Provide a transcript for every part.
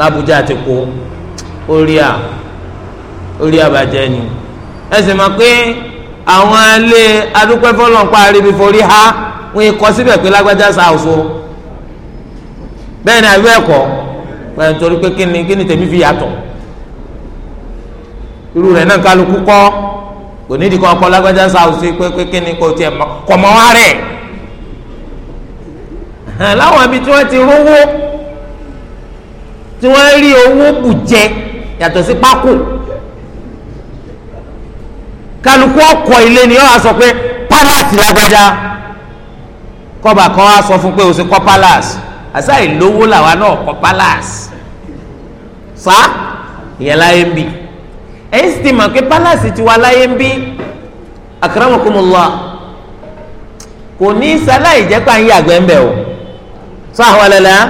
lábújá àti kó orí à orí àbàjẹ́ ni ẹ sì mọ̀ pé àwọn ilé adúpẹ́ fọlọ́n parí bí forí ha wọ́n kọ́ síbẹ̀ pé lágbájá ṣàwùsọ bẹ́ẹ̀ ni àbí bẹ́ẹ̀ kọ́ pẹ̀lú torí pé kí ni kí ni tèmi fi yàtọ̀ irú rẹ̀ náà kálukú kọ́ kò ní ìdíkọ̀ ọkọ̀ lágbájá ṣàwùsọ pé pé kí ni kò tiẹ̀ kọ̀ mọ́ wá rẹ̀ láwọn ibi tí wọ́n ti rówó tí wọ́n rí owó bù jẹ yàtọ̀ sí pákó kálukú ọkọ̀ ilé ni yóò wá sọ pé palace lágbájá kọ́ba kan wá sọ fún pé o sì kọ́ palace àṣà ìlówó làwa náà kọ́ palace sá ìyẹn láyé ń bì ẹ̀yìn sì ti mọ̀ pé palace ti wá láyé ń bì akramakumullah kò ní sáláì jẹ́ pà ń yàgbẹ́ ń bẹ̀ o sọ àwọn ẹlẹ́lẹ́ á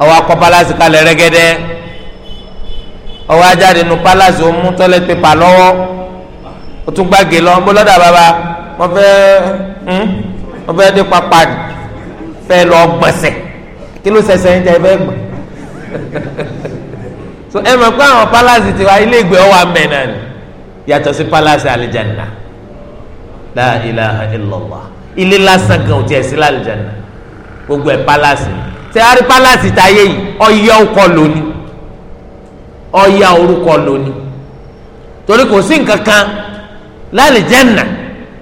ọwọ́ akọ palasi kalẹ̀ rẹ́gẹ́dẹ́ ọwọ́ ajáde nu palasi ó mú toilet paper lọ́wọ́ ó tún gbàgé lọ bó lọ́dà bàbá wọ́n fẹ́ wọ́n hmm? fẹ́ dé pápá fẹ́ lọ gbọ̀nsẹ̀ kí ló ń jẹ́ fẹ́ gbọ̀n so ẹ mọ̀ pé àwọn palasi ti wá ilé ìgbé ọwọ́ àmbẹ̀ náà ni yàtọ̀ sí palasi alijanna la ilaha illallah ilé lásán gan ò tiẹ̀ sí lálìjanna gbogbo ẹ̀ palasi ni sẹ́yárí pálásì táyé yìí ọ̀yà orúkọ lónìí ọ̀yà orúkọ lónìí torí kò sí nǹkan kan lálẹ́ jẹ́nà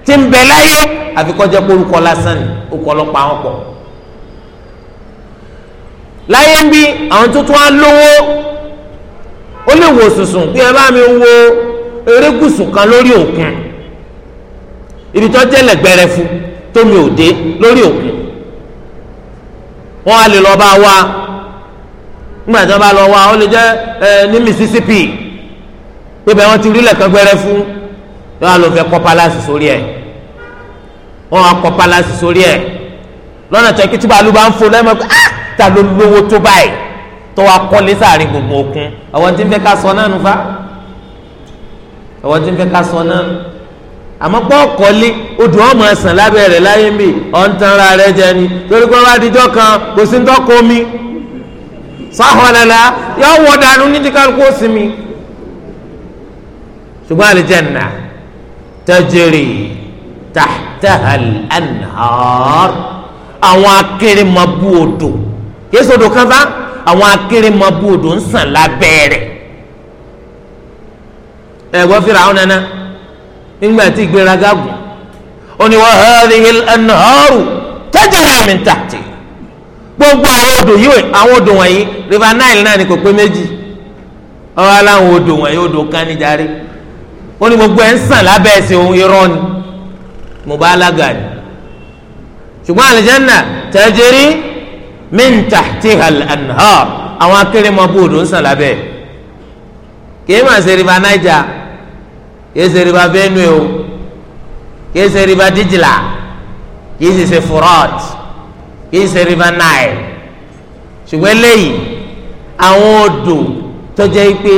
tí ń bẹ láyé àfikọ́jẹ́ pé orúkọ lásán ni orúkọ ọlọ́pàá wọn pọ̀ láyé ń bí àwọn tó tún á lówó ó lè wò sùsùn bí ẹ bá mi wo erégùsùn kan lórí òkun ibi jẹ́ lẹ́gbẹ̀rẹ̀ fún tómi òde lórí òkun wọ́n a lè lọ bá wa nígbà tí wọ́n bá lọ wa ó lè jẹ́ ẹ ní Mississippi pébẹ̀ wọ́n ti rí lẹ̀kẹ́ gbẹrẹ fún yóò lọ fẹ́ kọ́ palasi sórí ẹ̀ wọ́n á kọ́ palasi sórí ẹ̀ lọ́nà tó kìtìbà ló ń fo lẹ́mọ̀ pé ah ta ló lówó tó báyìí tó wa kọ́lé sáàrin gbogbo òkun àwọn tí ń fẹ́ ká sọ náà nù àwọn tí ń fẹ́ ká sọ náà àmọ́ pọ́ kọ́lé odò ọmọ ẹ̀sán lábẹ́ rẹ̀ láyé ń bì ọ̀ǹtanra rẹ̀ jẹ ni torí pé wọ́n adijọ́ kan kò sí ń tọ́kọ mi sáhọ́lẹ́lá yọ wọ dànù ní kíkálukú sí mi ṣùgbọ́n àlìjẹ́nà tajri tahtahal anhar àwọn akéré máa bú odò yéésù odò kan bá àwọn akéré máa bú odò ń sàn lábẹ́ rẹ̀ ẹ̀ gbọ́ fìrà àwọn nana nígbà tí ìgbéraga gùn ó ní wa hadhihi al-anharu tajri min tahti gbogbo àwọn odò yìí àwọn odò wọ̀nyí river nile náà ni kò pé méjì ọwọ́ aláwọn odò wọ̀nyí odò kan ní jàre ó ní gbogbo ẹ̀ ń sàn lábẹ́ ẹ̀sìn ohun irọ́ ni mubalaga ni ṣùgbọ́n àlìjánná tajri min tahtiha al-anhar àwọn akérèmọ́bù odò ń sàn lábẹ́ kì í mà ṣe river niger kìí ṣe riba benue o kìí ṣe riba dijila kìí ṣe furat kìí ṣe riba nile ṣùgbọ́n eléyìí àwọn odò do, yìí pé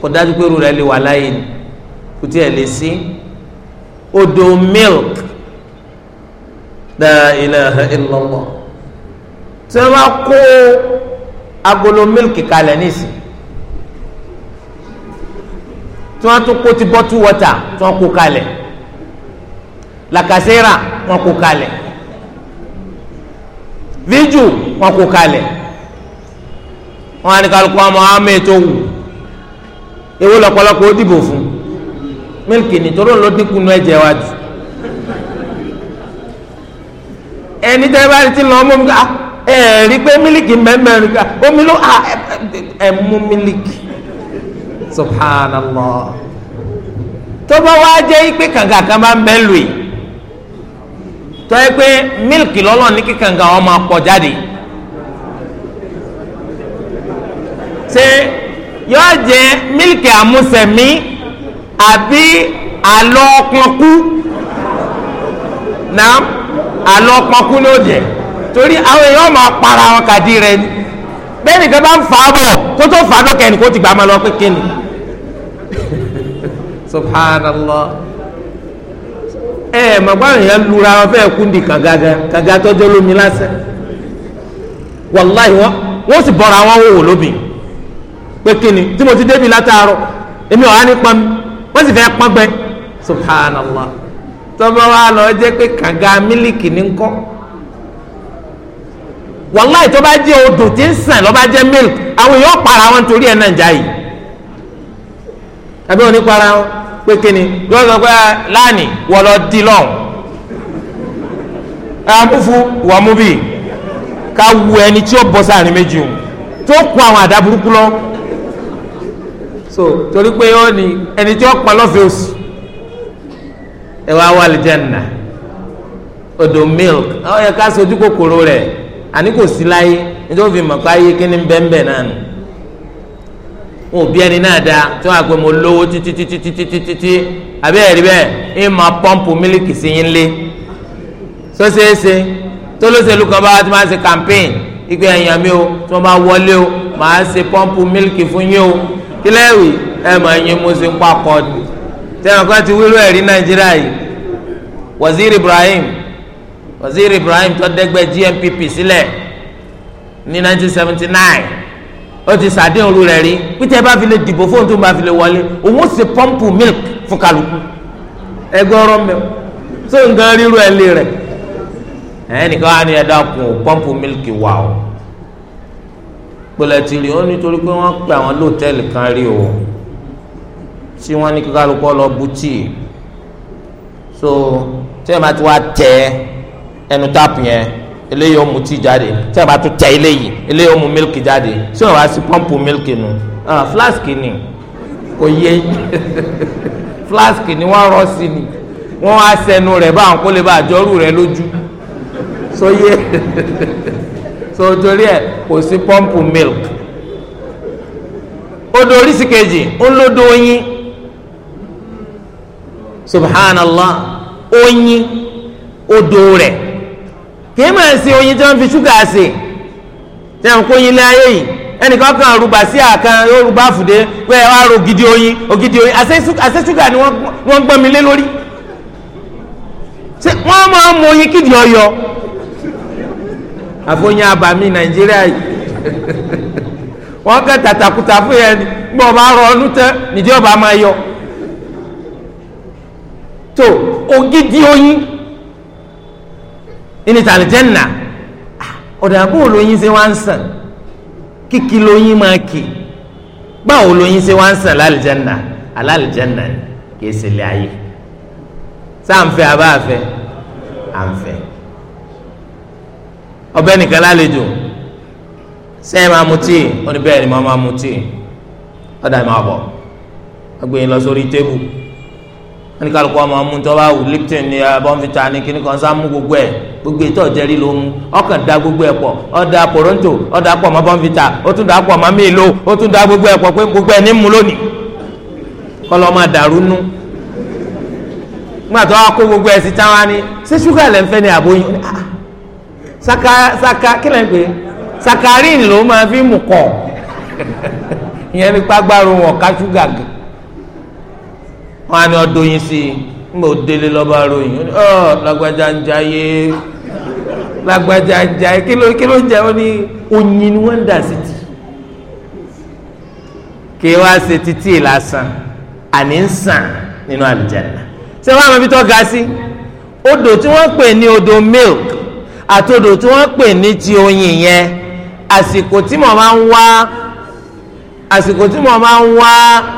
kò dájú pé irú rẹ̀ lè wà láyé ni kò tí ẹ̀ lè sí odò milk la ilaha illallah tí wọ́n bá kó agolo milk kalẹ̀ nísìnyí tí wọ́n tún kó ti bọ́tú wọ́tà tí wọ́n kó kalẹ̀ làkàsẹ́rà wọ́n kó kalẹ̀ fíjù wọ́n kó kalẹ̀ wọ́n á ní kálukú ọmọ àmì ètò wù ewu lọ́pọ̀lọpọ̀ ó dìbò fún mílíkì nítorí òun ló dínkù nú ẹ̀jẹ̀ wa jù ẹni tẹ́ bá ti lọ mú mi ká ah, ẹ̀ẹ́rì pé mílíkì mẹ́mẹ́rin ká ah, omi ló ah, ẹ̀ mú mílíkì subhanallah tó bá wá jẹ́ pé kàǹgà kan bá ń bẹ́ lùi tó yẹ pé mílìkì lọ́lọ́ ní kí kàǹgà wọn máa pọ̀ jáde ṣé yóò jẹ́ mílìkì àmúṣẹ̀mí àbí àlọ́ ọpọ́nkú náà àlọ́ ọpọ́nkú ló jẹ́ torí àwọn èèyàn máa para wọn kàdí rẹ ni bẹ́ẹ̀ nìkan bá ń fà á bọ̀ kó tó fà á dọ́kẹ́ ni kó ti gbà máa lọ pé kíni subhanallah ẹ ẹ mọ̀ báwọn èèyàn lura wọn fẹ́ẹ́ kú di kàgàgà kàgà tọ́jú lómi lásán wàláhì wọn wọn sì bọ̀ra wọn wò lóbìn pé kíni tí mo ti débi látàárọ̀ èmi ọ̀hán ní pọ́n mi wọ́n sì fẹ́ẹ́ pọ́n gbẹ subhanallah tọ́ba wa lọ jẹ́ pé kàgà mílíkì ní kọ́ wàláhì tó bá jẹ́ odò tí ń sàn lọ́ba jẹ́ mílíkì àwọn èèyàn pààrà wọn torí ẹ̀ náà jáyìí. àbí wọn nípa kwara wọn pé kíni yóò sọ pé ah, láàní wọ́n lọ di lọ́hùn amúfu ah, wà mú bì ká wu ẹni tí ó sáàrin méjì o tó àwọn àdá burúkú lọ so torí pé ó ní ẹni tí ó pa lọ́fẹ̀ẹ́ oṣù ẹ wá wà lìjẹ́nà odò milk ọ yẹ ká sojú kòkòrò rẹ̀ àní kò sí láyé nítorí fi mọ̀ pé ayé kíni bẹ́ẹ̀ bẹ́ẹ̀ náà nù. wọn ò bí ẹni náà dáa tí wọn àgbẹ̀ mọ lówó títí títí títí títí àbí ẹ̀rí bẹ́ẹ̀ ẹ máa pọ́ǹpù mílíkì sí yín lé sọ́sẹ́sẹ́ tólóṣèlú kan bá wá ti máa ṣe campaign ìgbé ẹ̀yàn mi o tí wọ́n bá wọlé o màá ṣe pọ́ǹpù mílíkì fún yín o kílẹ̀rì ẹ máa yín mo ṣe ń pakọ́ ni tẹ́wọ̀n kan ti wílò ẹ̀rí nàìjíríà yìí waziri Ibrahim waziri Ibrahim tó dẹ́gbẹ́ GNPP sílẹ̀ ní 1979 ó ti sàdéhùn olú rẹ̀ rí pété bá fi lè dìbò fóun tó bá fi lè wọlé òun ó ṣe pọ́ǹpù milk fún kálukú ẹgbẹ́ ọ̀rọ̀ mi tó nǹkan ríru ẹ̀ lé rẹ̀ ẹnìkan á ní ẹ̀dá kun pọ́ǹpù milk wà o pẹlẹtì rí ó nítorí pé wọ́n pè àwọn lóòtẹ́ẹ̀lì kan rí o tí wọ́n ní kálukú lọ bu tíì so tẹ́ẹ̀ máa ti wá tẹ ẹnu táàpù yẹn eléyìí ó mu tíì jáde tí wọn bá tún tẹ eléyìí eléyìí ó mu mílìkì jáde tí wọn bá sí pọ́ǹpù mílìkì nù flask ni kò yé flask ni wọn rọ sí ni wọn wá sẹnu rẹ báwọn kó lè bá àjọrú rẹ lójú sóyè so torí ẹ kò sí pọ́ǹpù mílìk odò oríṣi kejì ńlọdọ oyin subhanallah oyin odò rẹ. kì í máa ṣe oyin tí wọ́n fi ṣúgà ṣe ṣe àwọn kóyin lé ayé yìí ẹnìkan kan rúgbà sí àkàn yóò rúgbà fùdé wẹ́ẹ́ wá ro gidi oyin oyin àṣẹ ni wọn gbọ́n mi lé lórí ṣé wọ́n máa mú oyin kídi ọyọ àfọyín abàmì nàìjíríà yìí wọ́n kẹ́ tàtàkùtà fún yẹn ọba rọ ọdún ọba máa yọ tó ogidi oyin. Inita tàlìjẹ́nà ọ̀dà bó lóyún ṣe wá ń sàn kíkí lóyún máa kì báwo lóyún ṣe wá ń sàn lálìjẹ́nà alálìjẹ́nà kìí ṣe lé ayé sáǹfẹ́ abáàfẹ́ àǹfẹ́ ọbẹ̀ nìkan lálejò sẹ́yìn máa mu tíì ni mo máa mu tíì ọ̀dà àbọ̀ ọgbẹ́yìn lọ sórí tébù wọn ní kálukú ọmọ ọmú tó bá wù Lipton ní bọ́ǹfìtà ní kíní kan sá mú gbogbo ẹ̀ gbogbo ètò ọ̀jẹ̀rí ló mú ọkàn da gbogbo ẹ̀ pọ̀ ọ̀dà Poronto ọ̀dà pọ̀ mọ́ bọ́ǹfìtà ó tún dà pọ̀ mọ́ Milo ó tún dà gbogbo ẹ̀ pọ̀ pé gbogbo ẹ̀ ní mú lónìí kọ́lọ́ máa dàrú nú gbàtọ́ akó gbogbo ẹ̀ sí táwa ni ṣé ṣúgà lẹ́ ń fẹ́ ni àbóyún ah, saka saka kí lẹ́ ń pè é sakarin ló máa fi mú wọn á ní ọdún yín sí i ńgbà òdélé lọ́ba ròyìn ó ní ọ lágbájá ń jayé lágbájá ń jayé kí ló kí ló ń jẹ ó ní oyin ni wọ́n ń dà sí ti kí wá ṣe títí lásán àní ń sàn nínú àlùjánnà ṣé wàá mọ ibi tó ga sí odò tí wọ́n pè ní odò milk àti odò tí wọ́n pè ní ti oyin yẹn àsìkò tí mo máa ń wá àsìkò tí mo máa ń wá.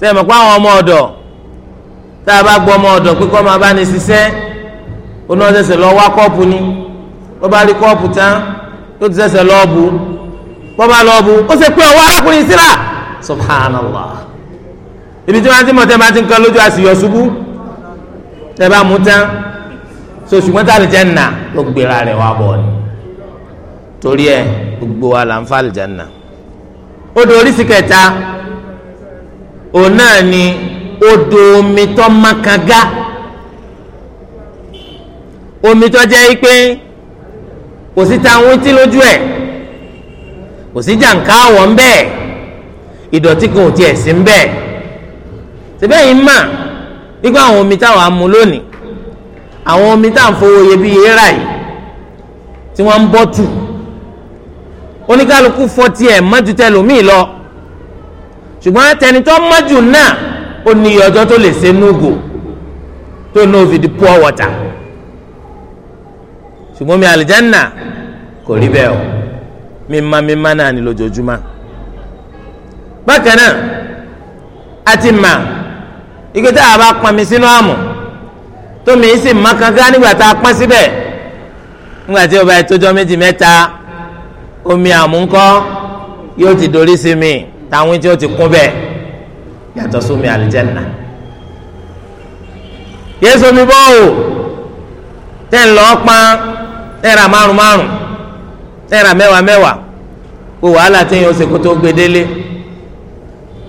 ṣe mọ̀ pé àwọn ọmọ ọ̀dọ̀ tá a bá gbọ́ ọmọ ọ̀dọ̀ pé kọ́ máa bá ní ṣiṣẹ́ oní wọn ṣẹ̀ṣẹ̀ lọ wá kọ́ọ̀pù ni wọ́n bá rí kọ́ọ̀pù tán yóò ti ṣẹ̀ṣẹ̀ lọ́ọ́ bu wọ́n bá lọ́ọ́ bu ó ṣe pé ọwọ́ arákùnrin síra subhanallah ibi tí wọ́n ti mọ̀ tẹ́ bá ti ń kan lójú àṣìyọ̀ ṣubú tẹ́ bá mú tán so ṣùgbọ́n tá a lè jẹ́ nà ló gbéra rẹ̀ wá bọ̀ ni torí ẹ gbogbo wa là ń fa àlìjẹ́ nà ó dorí sí kẹta òun náà ni odò omi tó mákàgá omi tó jẹ́ pé kò sí táwọn tí lójú ẹ̀ kò sí jàǹká àwọ̀ ń bẹ́ẹ̀ ìdọ̀tí kan ò tiẹ̀ sí ń bẹ́ẹ̀ síbẹ̀ yìí mà nígbà àwọn omi táwọn amú lónìí àwọn omi táwọn fowó iyebíye rà yìí tí wọ́n ń bọ́ tù oníkálukú fọ́ tiẹ̀ mọ́tútẹ́lómi lọ ṣùgbọ́n atẹni tó mọ́jú náà ó ní iye ọjọ́ tó lè ṣe núgò tó ní òfin di poor water ṣùgbọ́n mi àlìjánà kò rí bẹ́ẹ̀ o mímá mímá náà ní lójoojúmọ́ bákan náà a ti mà ike tá a bá pọnmi sínú àmọ̀ tómi sì má kankan nígbà tá a pọ́n síbẹ̀ nígbà tí o bá tójọ́ méjì mẹ́ta omi àmúkọ́ yóò ti dorí sí mi. Si táwọn tí ó ti kún bẹ́ẹ̀ yàtọ̀ sómi àlìjẹ́nà yéésù mi bọ́ o tẹ́ ń lọ pọ́n náírà márùn márùn náírà mẹ́wàá mẹ́wàá kó wàhálà téèyàn ó ṣe kó tó gbé délé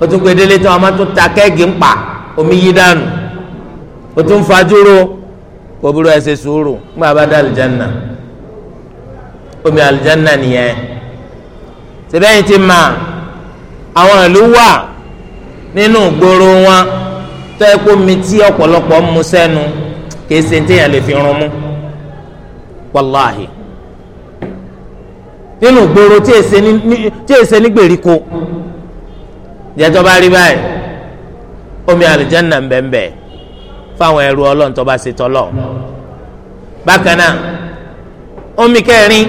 ó tún gbé délé tí wọn máa tún ta kẹ́ẹ̀gì ń pa omi yí dànù ó tún fajúro kò burú ẹ ṣe sùúrù nígbà bá dá àlìjẹ́nà omi àlìjẹ́nà nìyẹn ṣe ti máa àwọn ìlú wà nínú ìgboro wọn tó ẹ kó mi tí ọ̀pọ̀lọpọ̀ ń mu sẹ́nu kìí ṣe téèyàn lè fi rún mú wàláhì nínú ìgboro tí èsè ní gbèríko jẹjọ bá rí báyìí omi àlùjánnà ńbẹ́ńbẹ́ fáwọn ẹrú ọlọ́run tó bá ṣe tọ́lọ̀ bákan náà omi kẹrin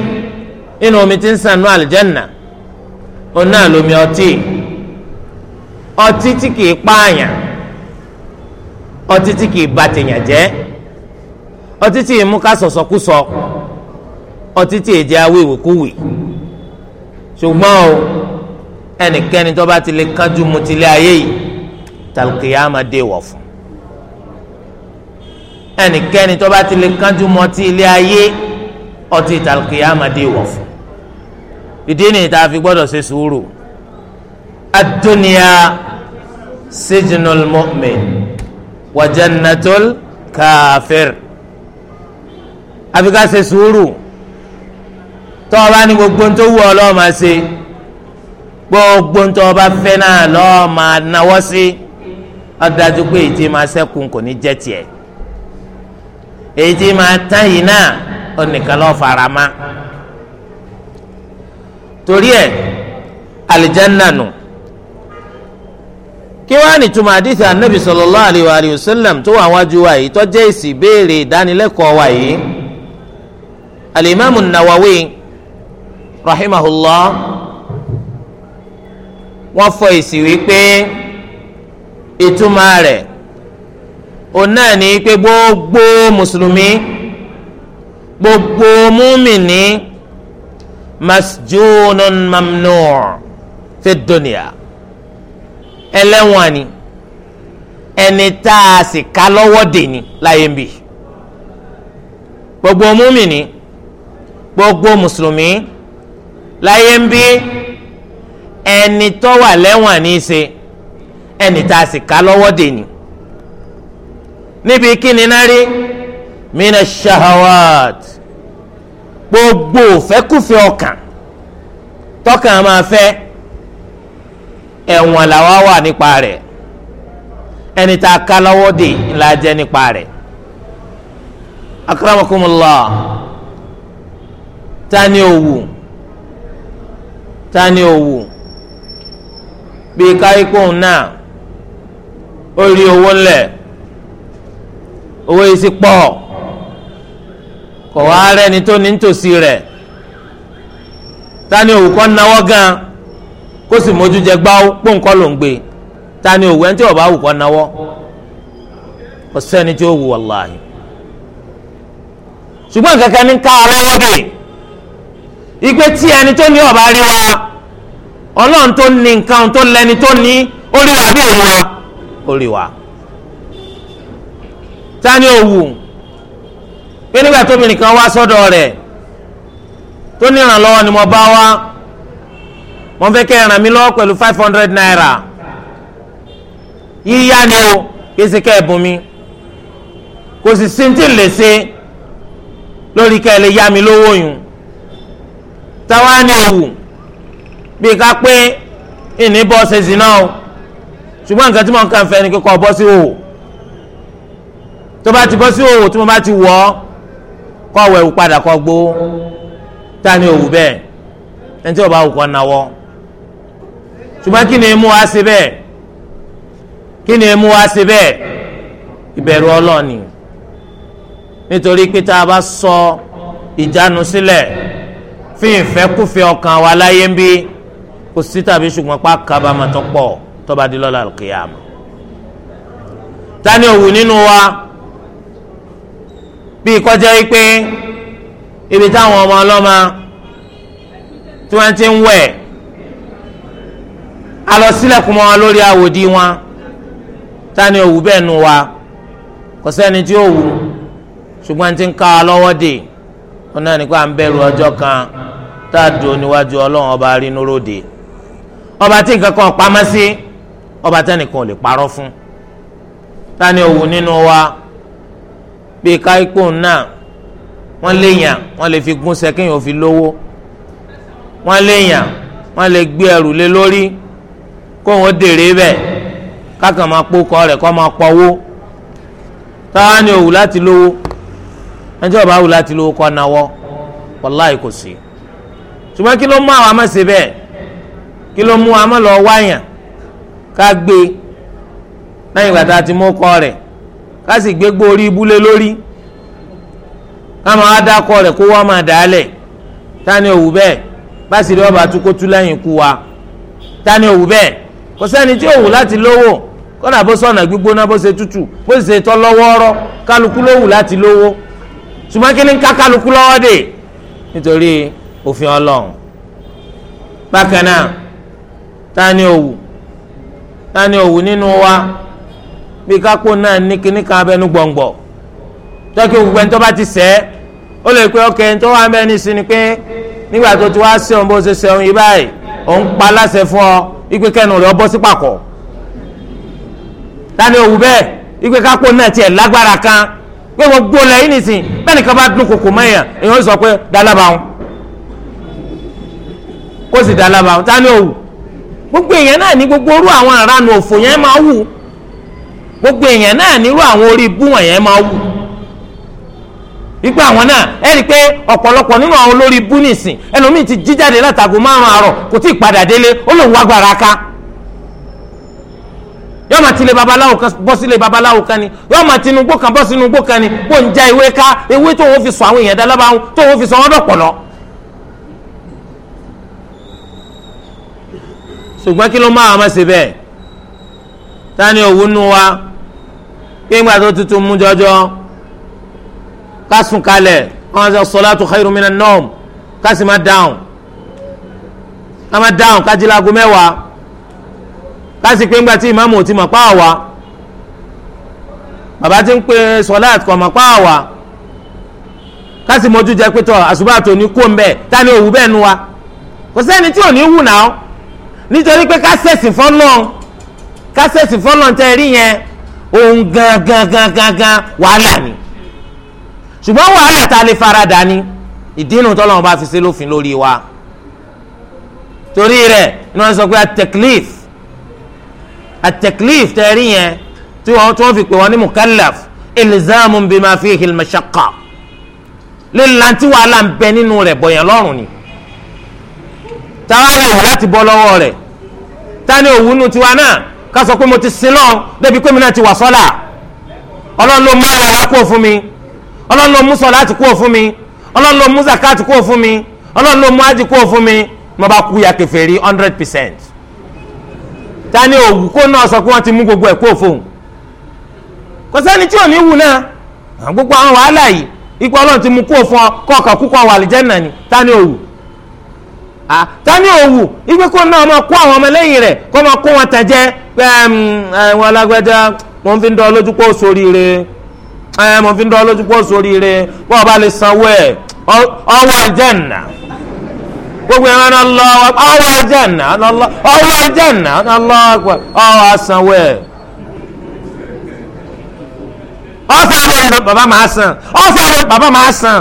nínú omi tí ń sànú àlùjánnà òun náà lomi ọtí ọtí tí kìí pààyàn ọtí tí kìí bà tèèyàn jẹ́ ọtí tí ìmú ká sọ̀sọ̀kúsọ ọtí tí èjẹ awéwèkúwè ṣùgbọ́n o ẹnikẹ́ni tó bá ti lè kánjú mu ti lé ayé yìí tàlùkìyà máa dé wọ̀ fún ẹnikẹ́ni tó bá ti lè kánjú mu ọtí ilé ayé ọtí tàlùkìyà máa dé wọ̀ fún ìdí nìyí tá fi gbọ́dọ̀ ṣe sùúrù adúniya sijinul mu'min wajannatul káfíìr àfi ká ṣe sùúrù tọ́ ọ bá ní gbogbo tó wù ọ lọ́ọ́ máa ṣe gbogbo tó o bá fẹ́ náà lọ́ọ́ máa náwọ́ sí ọ̀dájú pé èyí kò ní jẹ́ tiẹ̀ èyí tí máa tán yìí náà ó torí ẹ̀ alìjẹ́ nànú. No kí wàá nìtumọ̀ àdìsí anabi sallallahu alayhi wa sallam tó wà wájú wa yìí tó jẹ́ èsì béèrè ìdánilẹ́kọ̀ọ́ wa yìí alimami nawawi rahimahullah wọ́n fọ èsì wípé ìtumọ̀ rẹ̀ òun náà pé gbogbo mùsùlùmí gbogbo múmìnì masjúnun mamnu fi dunya ẹlẹ́wọ̀n ni ẹni tá a sì ká lọ́wọ́ dè ní láyé ń bì gbogbo múmìnì gbogbo mùsùlùmí láyé ń bì ẹni tó wà lẹ́wọ̀n ní í ṣe ẹni tá a sì ká lọ́wọ́ dè ní níbi kíni náà rí mina shahawat gbogbo òfẹ́kùfẹ́ ọkàn tọkàn máa fẹ́. ẹ̀wọ̀n làwa wà nípa rẹ̀ ẹni tá a ká lọ́wọ́ dè la jẹ́ nípa rẹ̀ akramakumullah tani owu tani owu bíi káyipóhùn náà ó rí owó ńlẹ̀ owó yìí sì pọ̀ kọ̀ wá rẹ́ni tó ní nítòsí rẹ̀ tani owu kọ́ náwó gan-an kó sì mójú jẹ gbáwó pọ́ńkọ́ ló ń gbé ta ni òwú ẹni tí ọba awùkọ́ náwọ́ kò tí ó wù wàláhì ṣùgbọ́n kankan ní ká ọlọ́wọ́ dè tí ẹni tó ní ọba rí wa ọlọ́run tó ní nǹkan tó tó ní bí òun wa ni òwú pé ni mo bá wá. mo fẹ́ kẹ́ ẹ ràn mí lọ́wọ́ five hundred naira yíyá ni o kí ẹ sì kẹ́ ẹ bùn mi kò sì sí ti lè ṣe lórí kẹ́ ẹ lè yá mi lówó yùn táwa ni òwù bí ká pé ìní bọ́ ṣe o ṣùgbọ́n nǹkan tí mo ń kàn fẹ́ ni kíkọ́ bọ́ sí òwò tó bá ti bọ́ sí òwò tí mo bá ti wọ̀ ọ́ kọ́ wẹ̀wù padà kọ́ gbó ta ni òwù bẹ́ẹ̀ ẹni tí ò bá wù kọ́ náwọ́ ṣùgbọ́n kí ni mú wa ṣe bẹ́ẹ̀ kí ni mú wa ṣe bẹ́ẹ̀ ìbẹ̀rù ọlọ́ọ̀ni nítorí pé tá a bá sọ ìjánu sílẹ̀ fi ìfẹ́kùfẹ́ ọkàn wa láyé ń bí kò sí tàbí ṣùgbọ́n pa kábàámọ̀ tó pọ̀ tó di lọ́la kìyàmù. ta ni òwú nínú wa bí kọjá pé ibi táwọn ọmọ ọlọ́mọ tí wọ́n ti ń wẹ̀ alọ sílẹ̀kùn mọ́ wọn lórí àwòdì wọn tani òwú bẹ́ẹ̀ nu wa kò sẹ́ni tí ó wù ṣùgbọ́n ti ń ká wa lọ́wọ́ dè wọn náà nípa ń bẹ̀rù ọjọ́ kan tá a dùn níwájú ọlọ́run ọba rínú ròde ọba tí nǹkan kan pamọ́ sí ọba tẹ́nìkan ò lè parọ́ fún tani òwú nínú wa bí káíkó náà wọ́n léèyàn wọ́n lè fi gún sẹ́kẹ́yìn òfin lówó wọ́n léèyàn wọ́n lè gbé ẹrù lé lórí. kó wọn dèrè bẹ kákan máa kpó kọ rẹ̀ kọ́ máa pọ̀wó táwa ni láti lówó ẹni tí wọ́n bá wù láti lówó kọ́ náwọ́ wàláì kò sí ṣùgbọ́n kí ló mú àwọn amáṣe bẹ́ẹ̀ kí ló mú lọ wáyàn ká gbé lẹ́yìn ìgbà tá a ti mú kọ́ rẹ̀ ká sì gbé gbórí ibúlé lórí kò sẹ́ni tí ò wù láti lówó kọ́nà bó sọ̀nà gbígbóná bó ṣe tútù bó ṣe tọ́ lọ́wọ́ọ́rọ́ kálukú ló wù láti lówó ṣùgbọ́n kí ni ká kálukú lọ́wọ́ dè nítorí òfin ọlọ́run bákan náà ta ni òwù ta ni òwù nínú wa bí kápò náà ní kíní kan abẹnú gbọ̀ngbọ̀ tọ́kì gbogbo ẹni tó bá ti sẹ́ ó lè pé ọkẹ́ ẹni tó wà mẹ́ni sí ni pé nígbà tó ti wá sẹ́wọ̀n bó ṣe sẹ́wọ̀n yìí báyìí òun pa láṣẹ fún ọ ìpè kẹnu rẹ̀ ọbọ sí pàkọ́ tani òwú bẹ́ẹ̀ ìpè kápò náà tiẹ̀ lágbára kan pé gbogbo lẹ́yìn nìsín bẹ́ẹ̀ nìkan bá dún kòkò mẹ́yàn èèyàn sọ pé dalábàáhùn kó sì dalábàáhùn tani òwú gbogbo èèyàn náà ní gbogbo orú àwọn àránù òfò yẹn máa wù gbogbo èèyàn náà nírú àwọn orí ibú wọn yẹn máa wù ipe àwọn náà ẹ rí i pé ọ̀pọ̀lọpọ̀ nínú àwọn olórí bú nìsín ẹlòmíì ti jíjáde látago márùn àrọ̀ kò tí ì padà délé ó lòun wá gbàrà ká yóò máa tilẹ̀ babaláwo kan bọ́ sílẹ̀ babaláwo kan ni yóò máa tinú gbó kan bọ́ sínú gbó kan ni kó ń já ewé ká ewé tó wọ́n fi sọ àwọn èèyàn dálábàá tó wọ́n fi sọ wọ́n dọ̀pọ̀lọ́. ṣùgbọ́n kí ló máa ma ṣe bẹ́ẹ̀ tani òwú nu wa pé ńgbà tó tuntun mú jọjọ ká sùn kalẹ̀ wọn sọ salatu khairu minan naum ká sì má dáhùn ká má dáhùn ká jí láago mẹ́wàá ká sì pé ńgbà tí ìmáàmù ò ti mọ̀ pa àwa bàbá ti ń pe sọlá kọ̀ mọ̀ pa àwa ká sì mọ́jú jẹ pé tọ́ àṣùbà ní kó ń ta ni òwú bẹ́ẹ̀ nu wa kò sẹ́ni tí ò ní wù náà nítorí pé ká sẹ̀sìn fọ́lọ́n ká sẹ̀sìn fọ́lọ́n tẹ́ rí yẹn òun gan gan wàhálà ni ṣùgbọ́n wàhálà tá a lè farada ni ìdínú tọ́lọ́wọ́n bá fi ṣe lófin lórí wa torí rẹ̀ ni wọ́n sọ pé atẹ̀klif atẹ̀klif tẹ̀rí yẹn tí wọ́n tún fi pè wọ́n ní mukallaf ilzamu bima fihi al-mashaqqa lílanti wàhálà ń bẹ nínú rẹ̀ bọ̀yàn lọ́rùn ni táwa lè wù láti bọ́ lọ́wọ́ rẹ̀ tani òwúnu tiwa náà ká pé mo ti sin lọ́n débi pé mi náà ti wà sọ́là ọlọ́run ló máa wà wá kó fún mi. ọlọ́run ló a ti kwuo fún mi ọlọ́run ló mú kwuo fún mi ọlọ́run mú ájì fún mi mo bá kú ya kèfèrí hundred percent ta ni kó náà sọ pé ti mú gbogbo ẹ̀ kwuo fóun kò sẹ́ni tí ò ní wù gbogbo àwọn wàhálà yìí ipò ọlọ́run ti mú fún ọ ni kó náà kó àwọn ọmọ lẹ́yìn rẹ̀ kó kó wọn tẹ̀ jẹ́ pé wọn wọn fi ń dán lójú pé ó ẹ eh, mo fi ń dán lójú sórí rẹ ọ bá lè sanwó ẹ ọwọ́ àjẹ́nà gbogbo ẹran náà lọ ọwọ́ àjẹ́nà ọwọ àjẹ́nà ọwọ́ àsanwó ẹ ọ̀sán àlọ́ bàbá máa san ọ̀sán àlọ́ bàbá máa san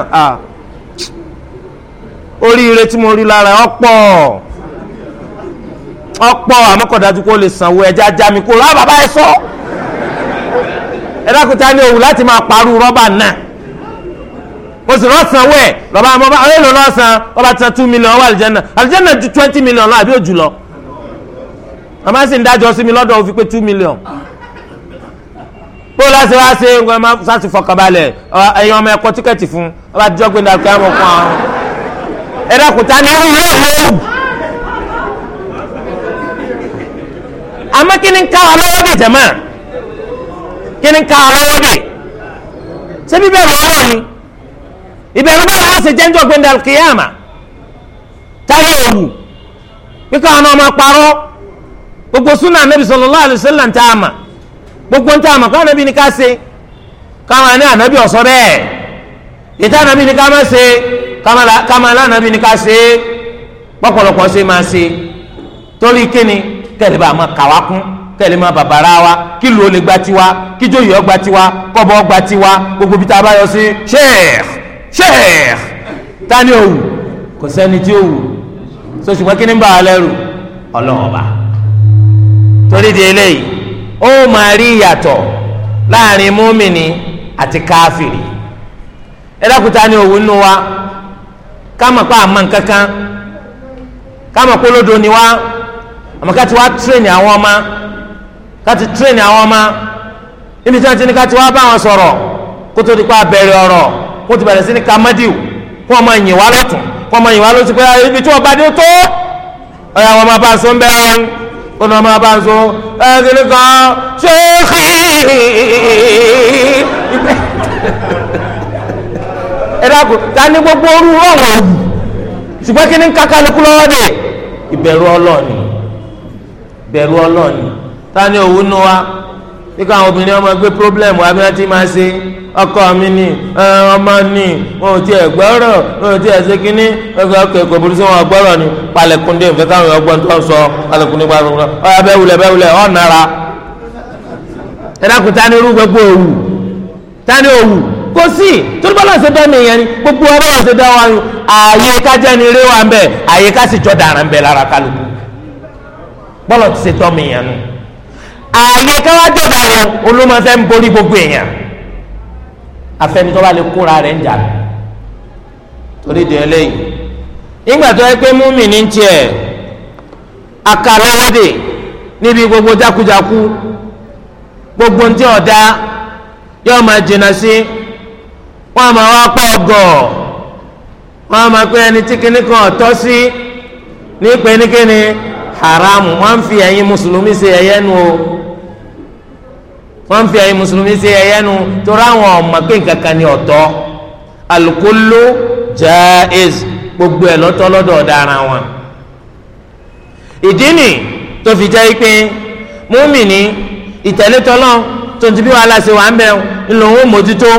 oríire tí mo rí lára ọ̀pọ̀ ọ̀pọ̀ àmọ́kọ̀dájú kó lè sanwó ẹja ajá mi kó rà bàbá ẹ sọ. So. ẹ dákúta ní òwú láti máa parú rọ́bà náà oṣù lọ́sàn-án wẹ̀ lọ́ba àmọ́ba ọ̀rẹ́lò lọ́sàn-án ọba ti sa two million ọwọ́ àlìjẹ́nà àlìjẹ́nà ju twenty million lọ àbí òjù lọ màmá sì ń dájọ́ sí mi lọ́dọ̀ òfin pé two million bó láti wá ṣe ń gbọ́n máa ṣe fọkànbalẹ̀ ẹ̀yin ọmọ ẹ̀kọ́ tíkẹ́ẹ̀tì fún ọba àtijọ́ pé dàrú àwọn ni kí ni ká lọ́wọ́ bẹ̀ ṣé bíbẹ̀rù ọlọ́ọ̀ ni ìbẹ̀rù báwo wọ́n ṣe jẹ́ńjọ́ gbẹ̀ndà kìyàmà táyé òwù kíkọ́ àwọn ọmọ parọ́ gbogbo súnà anabi sallallahu alaihi wasallam tá a mà gbogbo ń tá a káwọn anabi ni ká ṣe káwọn àní anabi ọ̀sọ́ bẹ́ẹ̀ ìta anabi ni ká má ṣe káwọn àlá anabi ni ká ṣe pọ̀pọ̀lọpọ̀ ṣe máa ṣe torí kíni kẹ́lẹ́ bá a máa kún tẹ̀lé ma bàbàrà wa kí lu olè gba tiwa kí jóyè ọgbà tiwa kọ́bọ̀ ọgbà tiwa gbogbo bíi tá a bá yọ sí sheikh sheikh tani o wù kò sẹ́ni tí o wù so ṣùgbọ́n kí ni bá a lẹ́rù ọlọ́ọ̀ba torí di eléyìí ó máa rí ìyàtọ̀ láàrin múmìnì àti káfìrì ẹ dákun tani nù wa ká mọ̀ pa àmọ́ nǹkankan ká mọ̀ polódo ni wa àmọ́ ká ti tírẹ̀nì àwọn ọmọ láti tírèèni àwọn ọmọ níbi tí wọ́n ti ní ká ti wá bá wọn sọ̀rọ̀ kó tó di pa bẹ̀rẹ̀ ọ̀rọ̀ kó ti bẹ̀rẹ̀ sí ní kamadiw kó ọmọ yìn wá lọ́tún kó ọmọ yìn wá lọ́tún pé ibi tí wọ́n bá dé tó ọ̀yà wọn máa bá ń so ń bẹ́ẹ̀ kó ní wọ́n máa bá ń so ẹ̀ẹ́dínlẹ́ kan ṣé ẹ dàgbò ta ni gbogbo orú ọ̀wọ̀ yìí ṣùgbọ́n kí ni ń kákálukú lọ́wọ́ dẹ̀ ìbẹ̀rù ọlọ́ọ̀ni ìbẹ̀rù ọlọ́ọ̀ni tani owu nu wa kíkọ́ àwọn obìnrin ọmọ gbé problem wa bí wọ́n ti máa ṣe ọkọ mi ni ọmọ ni wọn ò tiẹ̀ gbọrọ wọn ò tiẹ̀ ṣe kínní ọkọ̀ ọkọ̀ èkó burúkú wọn gbọrọ ni palẹ̀kùndé nfẹ́ káwọn ọgbọ́n tó ń sọ palẹ̀kùndé gbàgbọ́ ọ̀yà bẹ́ẹ̀ wulẹ̀ bẹ́ẹ̀ nara tani irú gbogbo tani owu. ààyè káwájú balẹ̀ olómọfẹ́ ń borí gbogbo èèyàn afẹ́nitọ́ bá lè kóra rẹ̀ ń jà torí di eléyìí nígbà tó yẹ pé múmi ní tiẹ̀ níbi gbogbo jákujáku gbogbo ntí ọ̀dá yóò máa jìnnà sí wọ́n máa wá pọ̀ gọ̀ọ́ wọ́n máa ẹni tí kan ọ̀tọ́ sí ní wọ́n fi ẹ̀yin mùsùlùmí ṣe ẹ̀yẹ nu torí àwọn ọmọ pé nǹkan kan ni ọ̀tọ̀ alukolo jaiz gbogbo ẹ̀ lọ́tọ̀ lọ́dọ̀ ọ̀daràn wọn. ìdí nì tó fi jẹ́ pé múmìnì ìtẹ̀lé tọ́lọ́ tó ń ti bí wàhálà ṣe wà ń bẹ̀ ńlọ́wọ́ mójútó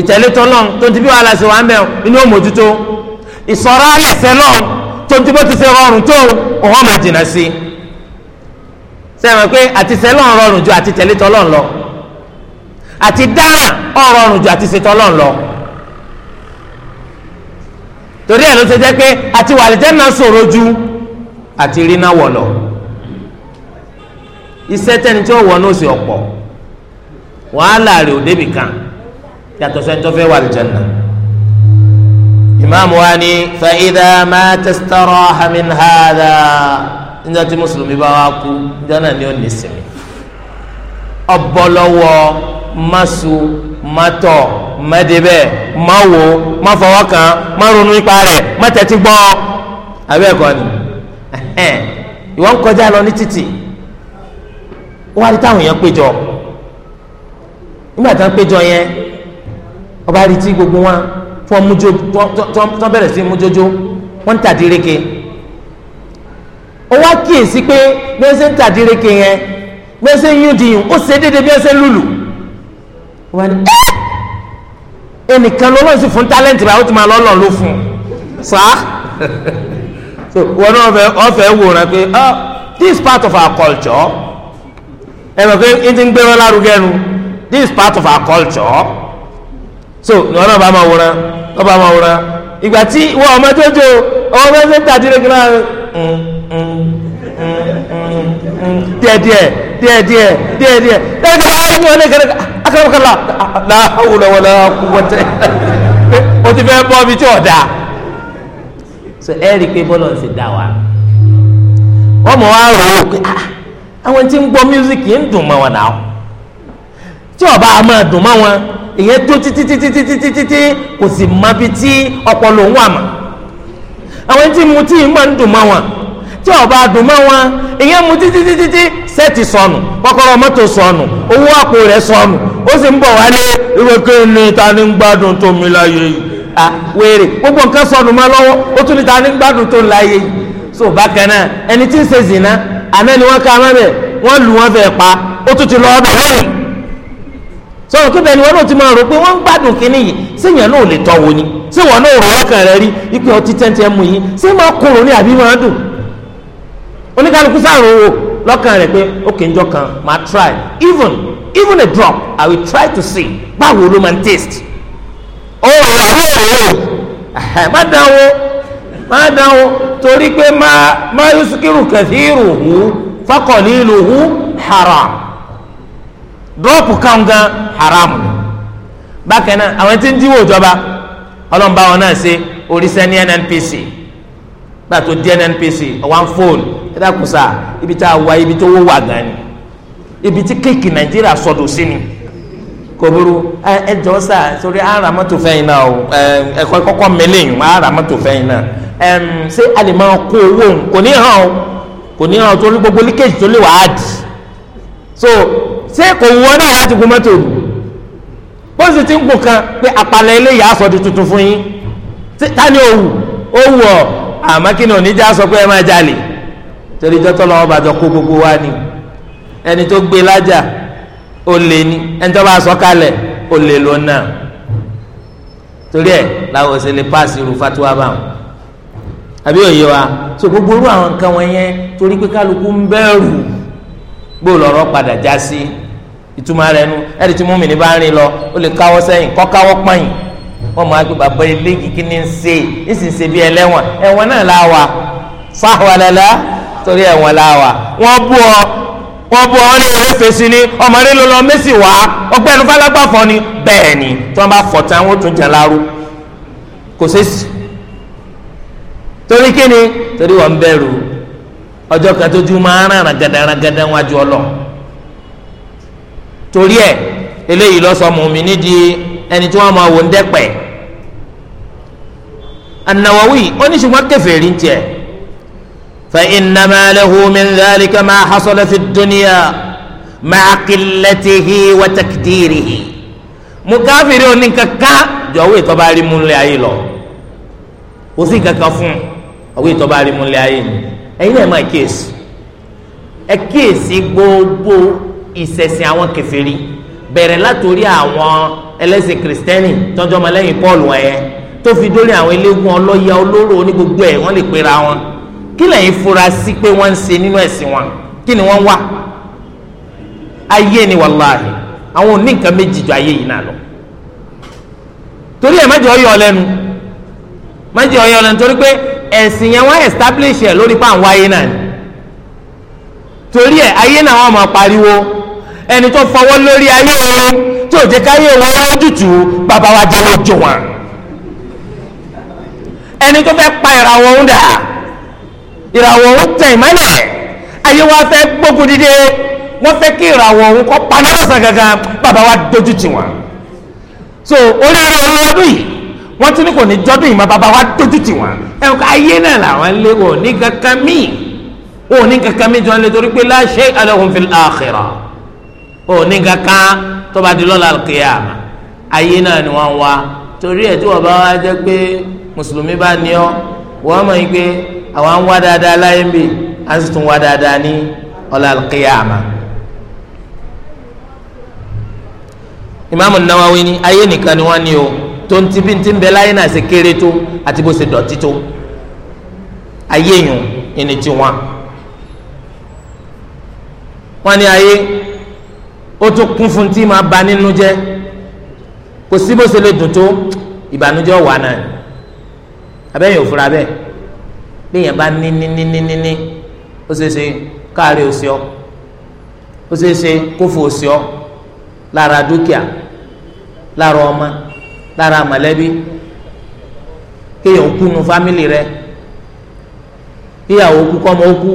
ìtẹ̀lé tọ́lọ́ tó ń ti bí wàhálà ṣe wà ń bẹ̀ ńlọ́wọ́ mójútó ìsọ̀rọ̀ alẹ́ sẹ́lọ̀ tó ń ti bó ti ṣe rọrùn tó òun ọmọ jìnnà sí i sẹ́wọ̀n pé àti sẹ́lọ̀ rọrùn ju àti tẹ̀lé tọ́lọ́n lọ àti dáhà ọ̀rọ̀rùn ju àti ṣetọ́lọ́n lọ torí ẹ̀ ló ṣe jẹ́ pé àti wàlìjẹ́ náà ṣòro ju àti ríná wọ̀ lọ iṣẹ́ tẹ́ni tí ó wọ̀ ní oṣù ọ̀pọ̀ wàhálà rẹ̀ ò débì kan yàtọ̀ sẹ́ni tó fẹ́ wàlìjẹ́ náà ìmáàmù wa ni fa idha ma tastaraha min hadha níjọ́ tí mùsùlùmí bá wá kú níjọ́ ni ó ní sinmi ọbọlọwọ masu matọ mẹdẹbẹ mawo mafọwọkan marunu ipa rẹ̀ mẹtẹtí gbọ́ abẹ ẹkọ ni ìwọ ń kọjá lọ ní títì wọ́n á rí táwọn èèyàn péjọ nígbà tí wọ́n péjọ yẹn ọba rí tí gbogbo wọn tí wọ́n bẹ̀rẹ̀ sí mújójó wọ́n ń tàdí réke ó wá kíyèsí pé bí wọ́n ṣe ń tàdíreke yẹn bí wọ́n ṣe ń yún ó ṣe déédéé bí wọ́n ṣe ń lùlù wọ́n ní ẹnìkan ló lọ́n sí fún tálẹ́ǹtì rẹ̀ ó ti máa lọ́ lọ́n ló fún un sá wọn náà ọ̀fẹ́ wòran pé ah, this part of our culture ẹ mọ̀ pé ẹ ti ń gbé wọn lárugẹ nu this part of our culture so ni wọn náà bá máa wòran wọn bá máa wòran ìgbà tí wọn ọmọ tó jó ọmọ tó ń tàdíreke náà. díẹ̀díẹ̀ o ti fẹ́ bọ́ mi tí ò dáa so ẹ rí i pé bọ́lọ̀ ń ṣe wa wọ́n mọ̀ wá rò ó pé àwọn tí ń gbọ́ mísíkì ń dùn mọ́ wọn a máa dùn mọ́ wọn ìyẹn tó kò sì mọ bí tí ọpọlọ òun àwọn tí ọba dùn mọ́ wọn ìyẹn mu títí títí sẹ́ẹ̀tì sọnù kọ́kọ́rọ́ mọ́tò sọnù owó àpò rẹ̀ sọnù ó sì ń bọ̀ ní ta ni ń tó mi láyé yìí à gbogbo nǹkan sọnù mọ́ lọ́wọ́ ó tún ní ta ni tó láyé so bákan náà ẹni tí ń ṣe zìnà ni wọ́n ká bẹ̀ wọ́n lù wọ́n pa ó tún ti ni náà ti máa rò pé ń gbádùn kínní yìí oníkàlùkù sàrùn wo lọ́kàn rẹ̀ pé ókè njọ́ kan máa try even even a drop i will try to see báwo ló máa taste. ó rà ní òwò má dánwó má dánwó torí pé má má yusukiru kathiruhu fakọliluhu haram drop kan gan haram ni bákan náà àwọn tí ń díwò ìjọba ọlọ́nba wọn náà ṣe oríṣẹ́ ní nnpc gba tó di nnpc one phone ẹ dákun sá ibi tá a wá ibi tó wó wà gan ni ibi tí kéèkì nàìjíríà sọdọ̀ sí ni kò burú ẹ jọ sá sórí ara mọ́tò fẹ́yìn náà o ẹ kọ́ kọ́kọ́ mẹ́lẹ́yìn ara mọ́tò fẹ́yìn náà ṣé a lè máa kó owó kò ní hàn o kò ní hàn torí gbogbo líkèjì tó lè wà á dì so ṣé kò wọ́n náà láti gun mọ́tò lù bó sì ti ń gùn kan pé àpàlẹ̀ eléyìí aṣọ di tuntun fún yín ta ni òwú òwú àmọ́ kí ni oníjà sọ pé ẹ máa jalè torí jọ́tọ́ lọ́wọ́ bàjọ́ kó gbogbo wa ni ẹni tó gbé lájà olè ni ẹni tó bá sọ kalẹ̀ olè ló náà torí ẹ làwọn òsèlè paasi irú fatuwa báwọn àbí òye wa so gbogbo irú àwọn nǹkan wọn yẹn torí pé kálukú ń bẹ̀rù gbó lọ́rọ́ padà já sí ìtumọ̀ rẹ̀ nu ẹ̀rí tí múmi ní bá ń rìn lọ ó lè káwọ́ sẹ́yìn kọ́ káwọ́ pọ́yìn wọ́n máa gbé bàbá ilé kíkí ní ń ṣe ìsìn ṣe bí ẹlẹ́wọ̀n ẹ̀wọ̀n náà la wà sáwàlẹ́lá torí ẹ̀wọ̀n la wà wọ́n bú ọ wọ́n bú ọ ní ìwé fèsì ni ọmọdé ló lọ mẹ́sì wá ọgbẹ́ ẹnu fálágbá fọ ni bẹ́ẹ̀ ni tí wọ́n bá fọ̀ tán wọ́n tún jẹ́ láró kò sẹ́sì torí kíni torí wọ́n bẹ̀rù ọjọ́ kan tójú máa ń ràn gàdàràgàdà wájú ọlọ́ torí ẹ eléyìí lọ sọ mùmí nídìí ẹni tí wọ́n máa wò ń dẹ́pẹ̀ An-Nawawi ó ní ṣùgbọ́n kèfèrí ń tiẹ̀ fa innama lahu min dhalika ma hasala fi dunya ma'a qillatihi wa takdirihi mo káfíìrì òní kankan jọ owó ìtọ́ba ayé lọ kò sí kankan fún owó ìtọ́ba rí ayé mi ẹ̀yin náà máa kíyèsí ẹ kíyèsí gbogbo ìṣẹ̀sìn àwọn kèfèrí bẹ̀rẹ̀ látòrí àwọn ẹlẹ́sìn kìrìsìtẹ́nì tọ́jọ́ ọmọlẹ́yìn Paul wọn yẹn tó fi dórí àwọn eléégún ọlọ́ya olóró ní gbogbo ẹ̀ wọ́n lè pera wọn kí lẹ́yìn fura sí pé wọ́n ń ṣe nínú ẹ̀sìn wọn kí ni wọ́n wá ayé ni wàláhì àwọn òní nǹkan méjì ju ayé yìí náà lọ torí ẹ̀ mẹ́jọ yọ lẹ́nu mẹ́jọ yọ lẹ́nu torí pé ẹ̀sìn yẹn wọ́n establish ẹ̀ lórí pàǹwá ayé náà ni torí ẹ̀ ayé náà wọ́n máa pariwo ẹni tó fọwọ́ lórí ayé wọn tí ò jẹ́ káyé wọn wá tutù bàbá wa jẹ́ lójú wọn ẹni tó fẹ́ pa ìràwọ̀ ọ̀hún dà ìràwọ̀ ọ̀hún tẹ̀ ìmọ́lẹ̀ ayé wa fẹ́ gbógun dídé wọ́n fẹ́ kí ìràwọ̀ ọ̀hún kọ́ paná lọ́sàn gangan bàbá wa dojú tì wọ́n so oríire olúwadún yìí wọ́n ti ní kò ní jọ́dún yìí mọ́ bàbá wa dojú tì wọ́n ẹ̀rù ká ayé náà làwọn lé wọn ní kankan míì wọn ní kankan míì jọ lé torí pé la shay'a lahum fil akhirah òní kankan tó bá di lọ́la kìyàmà ayé náà ni wọ́n wá torí ẹ̀ tí wọ́n bá wá jẹ́ pé mùsùlùmí bá ní ọ́ wọ́n mọ̀ yín pé àwọn ń wá dáadáa láyé ń bì á sì tún wá dáadáa ní ọ̀la kìyàmà. ìmáàmù Nawawi ni ayé nìkan ni wọ́n ní o tó ń tibí ti ń bẹ láyé náà ṣe kéré tó àti bó ṣe dọ̀tí tó ayé yùn ẹni tí wọ́n. wọ́n ní ayé ó tún kún fún tí máa ba nínú jẹ́ kò sí bó ṣe lè dùn tó ìbànújẹ́ wà náà abẹ́yẹn ò fura bẹ́ẹ̀ bẹ́yẹn bá ní ní ní ní ní ní ó ṣeé ṣe káàrí òsì ọ ó ṣeé ṣe kófò òsì ọ lára dúkìá lára ọmọ lára mọ̀lẹ́bí kéèyàn kúnu fámìlì rẹ kíyàwó kú kọ́mọ kú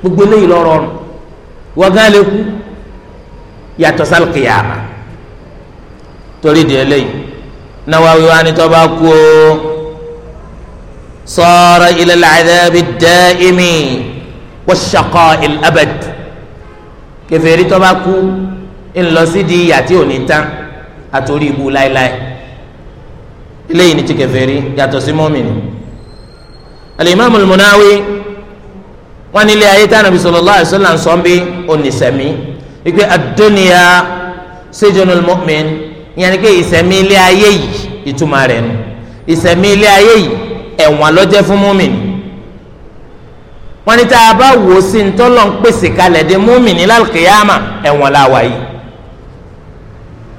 gbogbo eléyìí lọ́rọ̀ọ̀rùn wọ́n gán lè kú yàtọ̀ sálùkìyàmà torí di eléyìí Nawawi wa ni tó bá kú o sara ila al-adhabi ad-da'imi wash-shaqa'i al-abad kèfèrí tó bá kú ńlọsídi ìyà tí ò ní tán àtòrí ibu láéláé eléyìí ni ti kèfèrí yàtọ̀ sí mọ́mìnì al-imam al-Munawi ayé tí Ànábì sallallahu alaihi wasallam ìpè àdóníyà séjọ́nù mọ́mìn ìyẹn ni pé ìsẹ̀mí ilé ayé yìí ìtumọ̀ rẹ̀ nù ìsẹ̀mí ilé ayé yìí ẹ̀wọ̀n lọ́jẹ́ fún mọ́mìn wọ́n ní tá a bá wò ó sí ntọ́lọ́ ń pèsè kalẹ̀ dé mọ́mìn ní lálùkìyàmà ẹ̀wọ̀n la wà yìí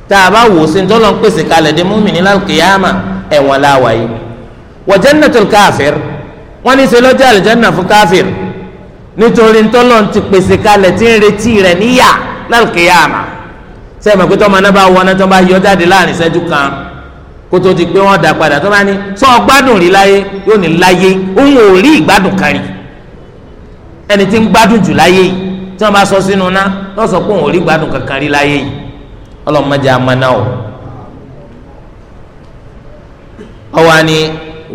tá a bá wò sí ntọ́lọ́ pèsè kalẹ̀ dé mọ́mìn ní lálùkìyàmà ẹ̀wọ̀n la wà yìí wa jannatul káfíìr wọ́n ní ṣe lọ́jọ́ fún káfíìr nítorí ntọ́lọ́ ti pèsè kalẹ̀ tí ń retí rẹ̀ níyà lálùkìyàmà sẹ́yìn pé tọ́mọ náà bá wọ náà tó bá yọ jáde láàrin ìṣẹ́jú kan kó ti pé wọ́n dà padà tó bá ní sọ gbádùn rí láyé yóò ní láyé òun ò rí ìgbádùn kan ẹni tí ń gbádùn jù láyé yìí tí wọ́n bá sọ sínú ná lọ́ sọ pé òun ò rí ìgbádùn kankan rí láyé yìí ọlọ́mọdé amánà o ọwọ́ ni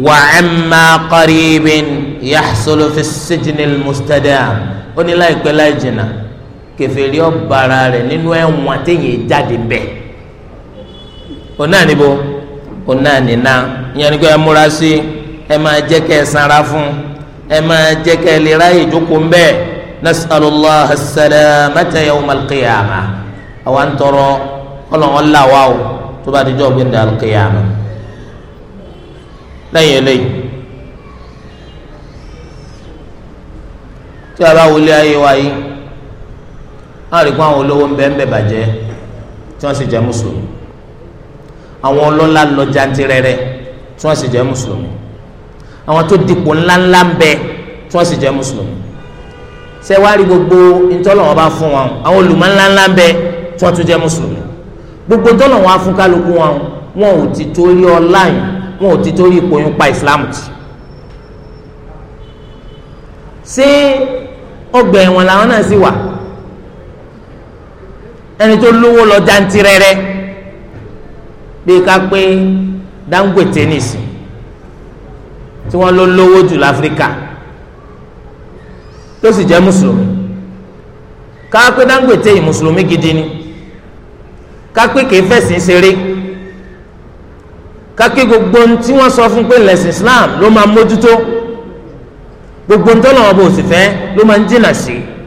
wà á má kọ́rí ibin yahsulu fi sijinil mustadam ó ní láìpẹ́ láì jìnnà kẹfẹ́rí ọ̀bàrà rẹ̀ nínú ẹ̀wọ̀n téèyàn jáde bẹ̀ ọ̀nà níbo ọ̀nà nínà ìyẹn nígbà ẹ múra sí ẹ máa jẹ́ kẹ́ ẹ sanra fún ẹ máa jẹ́ kẹ́ ẹ lè ráyè jókòó ń bẹ́ẹ̀ nasalallahu salamata yawma alqiyama àwa ń tọrọ ọlọ́wọ́n là wá o tó bá dijọ́ gbé ndà alqiyama lẹ́yìn eléyìí tí a bá wọlé ayé wa yìí náà rí i pé àwọn olówó ń bẹ ń bẹ bàjẹ́ tí wọ́n sì jẹ́ mùsùlùmí àwọn ọlọ́lá lọ jantirẹrẹ tí wọ́n sì jẹ́ mùsùlùmí àwọn tó dipò ńláńlá ń bẹ tí wọ́n sì jẹ́ mùsùlùmí ṣé wàá rí gbogbo ntọ́lọ́wọ́n bá fún wọn àwọn olùmọ̀ ńláńlá ń bẹ tí wọ́n tún jẹ́ mùsùlùmí gbogbo ntọ́lọ́wọ́n á kálukú wọn wọn ò ti torí ọlá yìí wọn ò ti torí ipò yín pa ìsìlámù tì ṣé ọgbà ẹ̀wọ̀n làwọn náà sì wà ẹni tó lówó lọ jantirẹrẹ bí ká pé Dangote nìsín tí wọ́n ló lówó jù láfíríkà tó sì jẹ́ mùsùlùmí ká pé Dangote yìí mùsùlùmí gidi ni ká pé kìí fẹ̀sìn ṣeré ká pé gbogbo ohun tí wọ́n sọ fún pé lẹ́sìn Islam ló máa mójútó gbogbo ohun tó lọ́wọ́ bó sì fẹ́ ló máa ń jìnnà sí i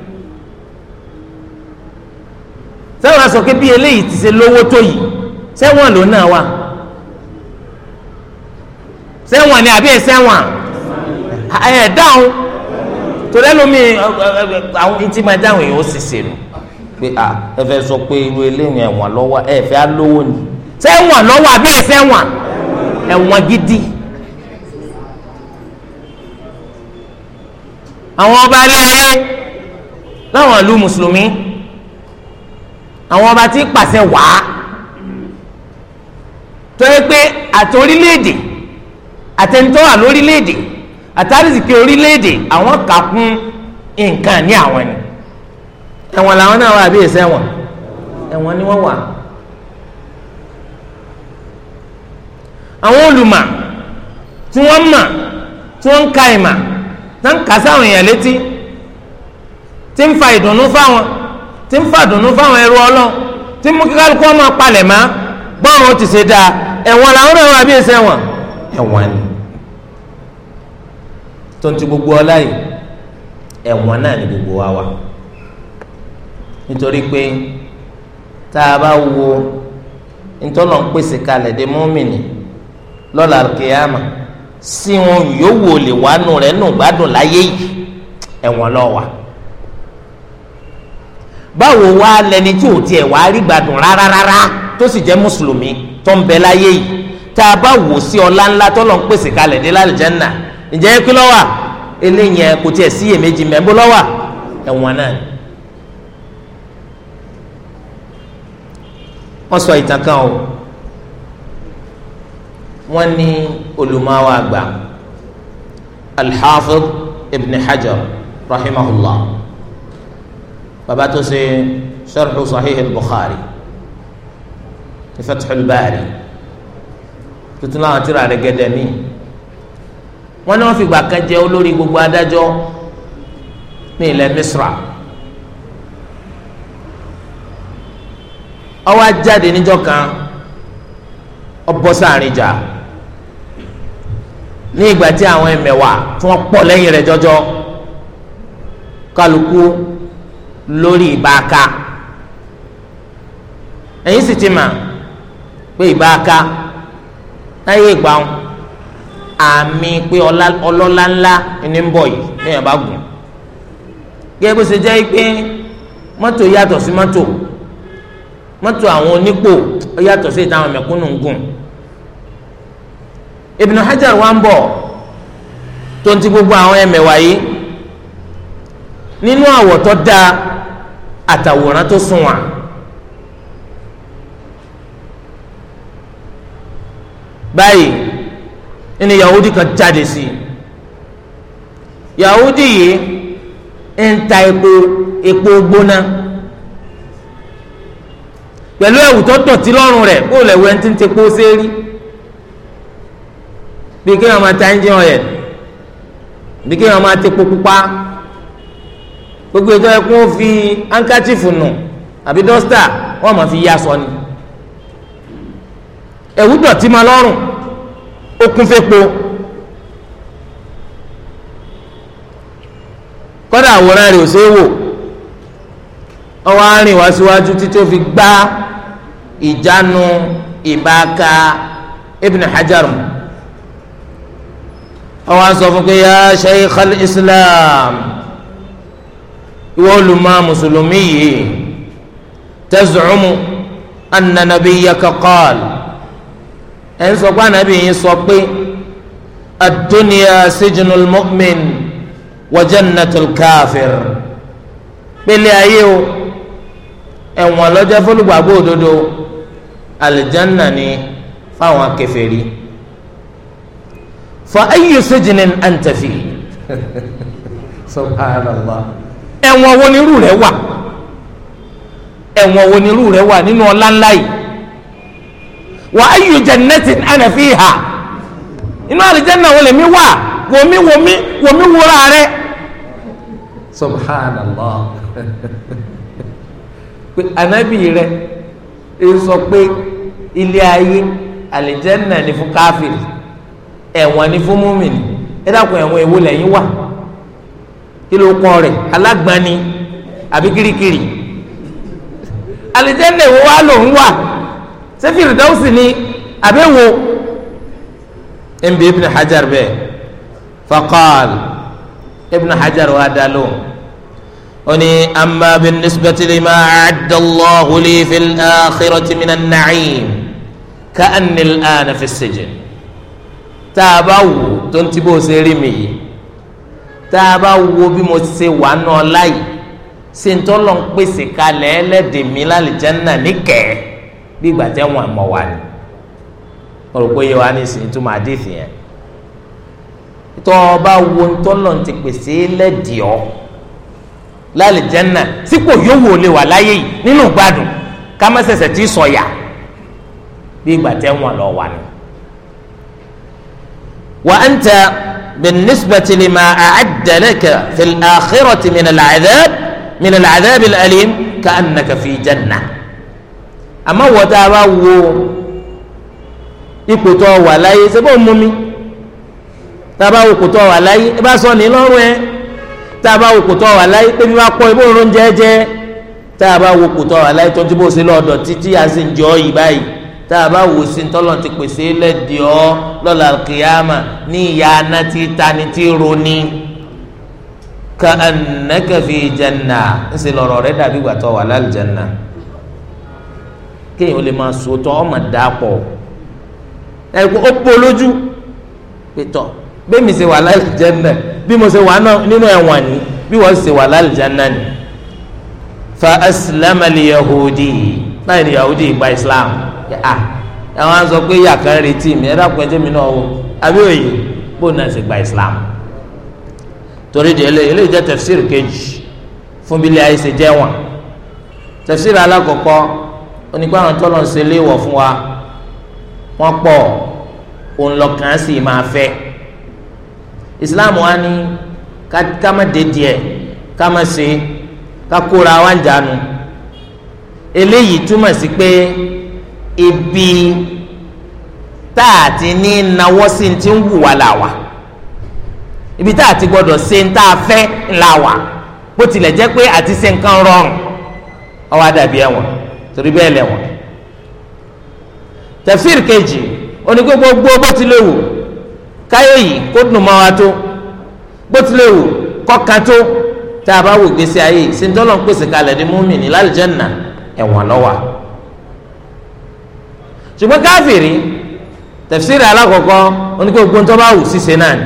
sẹ́wọ̀n sọ pé bí eléyìí ti ṣe lówó tó yìí sẹ́wọ̀n ló náà wà sẹ́wọ̀n ni àbí sẹ́wọ̀n ẹ̀ dáhùn torí ẹlòmí àwọn tí máa dáhùn yìí ó sì ṣe nù pé à ẹ fẹ́ sọ pé irú eléyìí ẹ̀wọ̀n lọ́wọ́ ẹ fẹ́ á lówó ni sẹ́wọ̀n lọ́wọ́ àbí sẹ́wọ̀n ẹ̀wọ̀n gidi. àwọn ọba ilé ayé láwọn ìlú mùsùlùmí àwọn ọba tí pàṣẹ wàá tó yẹ pé àti orílẹ̀-èdè àtẹnitọ́ wà lórílẹ̀-èdè àtàrísìkì orílẹ̀-èdè àwọn kà kún nǹkan ní àwọn ni ẹ̀wọ̀n làwọn náà wà bí èsẹ̀ wọn ẹ̀wọ̀n ni wọ́n wà. àwọn olùmọ̀ tí wọ́n mọ̀ tí wọ́n ń ka ìmọ̀ tí wọ́n ń kà sáwọn èèyàn létí tí ń fa ìdùnnú fáwọn tí ń fàdùnnú fáwọn ẹrú ọlọ́ tí mú kíkálukú ọmọ palẹ̀ má gbọ́rùn ó ti ṣe dáa ẹ̀wọ̀n làwọn ọ̀rọ̀ àbí ẹsẹ̀ wọn ẹ̀wọ̀n ni tó ń ti gbogbo ọlá yìí ẹ̀wọ̀n náà ni gbogbo wa wà nítorí pé tá a bá wo ntọ́nà ń pèsè kalẹ̀ dé mọ́mìnì lọ́la kìyàmà sí wọn yòówó lè wà rẹ̀ nù gbádùn láyé yìí ẹ̀wọ̀n lọ́wọ́ báwo wá lẹni tí ò tiẹ̀ wá rí gbádùn rárá rárá tó sì jẹ́ mùsùlùmí tó ń bẹ láyé yìí tá a bá wò sí ọlá ńlá tó lọ́n pèsè kalẹ̀ dé lálùjánnà ǹjẹ́ kí ló wà eléyìí kò tiẹ̀ sí èméjì mẹ́bó ló ẹ̀wọ̀n náà wọ́n sọ ìtàn kan o wọ́n ní olùmọ̀wá àgbà al Ibn Hajar rahimahullah bàbá tó ṣe sharhu sahih al-bukhari ní fathul bari tuntun láwọn tíra rẹ̀ gẹ́dẹ̀ mí wọ́n ní wọ́n fìgbà kan jẹ́ olórí gbogbo adájọ́ ní ilẹ̀ misra ó wá jáde kan ó sáàrin jà ní ìgbà tí àwọn ẹ̀mẹ̀wà tí wọ́n pọ̀ lẹ́yìn rẹ̀ jọjọ kálukú lórí ìbáka ẹ̀yin sì ti mà pé ìbáka láyé ìgbà wọn àmì pé ọlọ́lá ńlá ni ń bọ̀ yìí lẹ́yìn bá gùn gẹ́gẹ́ bó ṣe jẹ́ pé mọ́tò yàtọ̀ sí mọ́tò mọ́tò àwọn onípò yàtọ̀ sí ìtàn àwọn mẹ̀kúnnù ń gùn Ibn Hajar wa ń bọ̀ tó ń ti gbogbo àwọn ẹ̀mẹ̀wá yìí nínú àwọ̀ tó dáa àtàwòrán tó sunwọ̀n. báyìí ẹni yahudi kan jáde sí yahudi yìí ń ta epo epo gbóná pẹ̀lú ẹ̀wù tó dọ̀tí lọ́rùn rẹ̀ kó lẹ̀ wẹ́n tí ń tepo ṣe rí bí kéèyàn máa ta engine oil bí kéèyàn máa tepo pupa gbogbo ètò ẹkún ó fi ankachifu nù àbí dọ́stà wọ́n máa fi yá aṣọ ni ẹ̀wù dọ̀tí máa lọ́rùn ó kún fẹ́po kọ́dà àwòrán rẹ̀ ò ṣeé wò ọwọ́ arìn wá síwájú títí ó fi gbá ìjánu ìbáka Ibn Hajar ọwọ́ sọ fún pé ya Shaykhal Islam ìwọ olùmọ̀ mùsùlùmí yìí tazumu anna nabiyyaka qal ẹ̀ ń sọ pé ànábì yìí sọ pé ad-dunya sijnul mu'min wa jannatul kafir pélé ayé o ẹ̀wọ̀n lọ́jọ́ fọlùgbàgbọ́ òdodo alìjánná ni fáwọn kèfèrí fa ayyu sijnin anta fi subhanallah ẹ̀wọ̀n wo nírú rẹ̀ wà ẹ̀wọ̀n wo nírú rẹ̀ wà nínú ọlá ńlá yìí wà á yù jẹ̀nẹ́tì ẹnẹ fi hà inú àlìjẹ́nà wo lèmi wà wòmí wòmí wòmí wúra rẹ̀ subhanallah pé anabi rẹ̀ sọ pé ilé ayé àlìjẹ́nà ni fún káfíìrì ẹ̀wọ̀n ni fún múmìnì ẹ dákun ẹ̀wọ̀n èwo lẹ́yìn wà kí ló kọ́ rẹ̀ alágbani àbí kirikiri alìjẹ́nà ìwọ wa ló ń wà ṣé fìrìdáwùsì ni àbí wo ẹnbí ibn hajar bẹ́ẹ̀ faqal ibn hajar wa dá lóhùn ó ní amma bin-nisbati lima a'adda Allahu li fil-akhirati min an-na'im ka'anni al-ana fi as-sijn tá a bá wù mi tá a bá wo bí mo ṣe wà náà láì ṣe ń tọ́lọ̀ ń pèsè kalẹ̀ ẹlẹ́dẹ̀ mi lálìjẹ́nà níkẹ́ bí ìgbà tẹ́ wọn mọ̀ wá ni mo rò pé yẹwà ní ìsìn túmọ̀ àdéhì yẹn tọ́ ọ bá wo ń tọ́lọ̀ ń ti pèsè ẹlẹ́dẹ̀ ọ́ lálìjẹ́nà sípò yówó lè wà láyé yìí nínú gbádùn ká má ṣẹ̀ṣẹ̀ tí sọ̀yà bí ìgbà tẹ́ wọn lọ wà ni. wà á ń tẹ بالنسبة لما أعد لك في الآخرة من العذاب من العذاب الأليم كأنك في جنة àmọ́ wọ́n tá a bá wo ipò tó wà láyé ṣe bó ń mú mi tá a bá wo ipò tó wà láyé ẹ bá sọ ní lọ́rùn ẹ tá a bá wo ipò tó wà láyé pé bí wọ́n pọ̀ ibò ń ron jẹ́jẹ́ tá a bá wo ipò tó wà láyé tó ń tí bó ṣe lọ́dọ̀ títí a sì ń jọ yìí báyìí tá a bá wò sí tọ́lọ̀ ti pèsè lẹ́dí ọ́ lọ́la kìyàmà ní ìyá aná tí tani tí roni ka annaka fi janna ńṣe lọ́rọ̀ rẹ dàbí ìgbà tó wà lálẹ́ janna kéèyàn lè máa sòótọ́ ọmọ dàpọ̀ ẹ̀kọ́ ó pọ̀ pétọ́ bẹ́ẹ̀ mi wà lálẹ́ janna bí mo ṣe wà nínú ẹ̀wọ̀n ni bí wọ́n ṣe wà lálẹ́ janna ni fa asilamali yahudi báyìí ni yahudi gba islam à àwọn á sọ pé yàkà retí mi ẹ dákun ẹjẹ mi náà wò àbí òye bó náà ṣe gba islam torí di eléyìí eléyìí jẹ́ tẹfsiri kejì fún bí ilé ayé ṣe jẹ́ wọn tẹfsiri alákọ̀ọ́kọ́ onígbà àwọn tó lọ ń ṣe léèwọ̀ fún wa wọ́n pọ̀ òun lọ́kàn sì máa fẹ́ islam wa ni ká má dé díẹ̀ ká má ṣe ká kóra wa ń jánu eléyìí túmọ̀ sí pé ibi tá a ti ní nawọ́ sí ti ń wù wá làwà ibi tá a ti gbọ́dọ̀ ṣe ń tá a fẹ́ làwà bó tilẹ̀ jẹ́ pé àti ṣe nǹkan rọrùn ọwọ́ àdàbí ẹ̀wọ̀n torí bẹ́ẹ̀ lẹ̀wọ̀n tafsir kejì onígbé gbogbo bó tilẹ̀ wù káyé yìí kó dùn mọ́ wa tó bó tilẹ̀ wù kọ́ka tó tá a bá wò gbèsè ayé ṣe ń pèsè kalẹ̀ ní múmi ní lálùjánnà ẹ̀wọ̀n lọ́wọ́ ṣùgbọ́n káfìrí tẹ̀fsíìrì alákọ̀ọ́kọ́ oníkẹ́ gbogbo tó bá wù ṣíṣe náà ni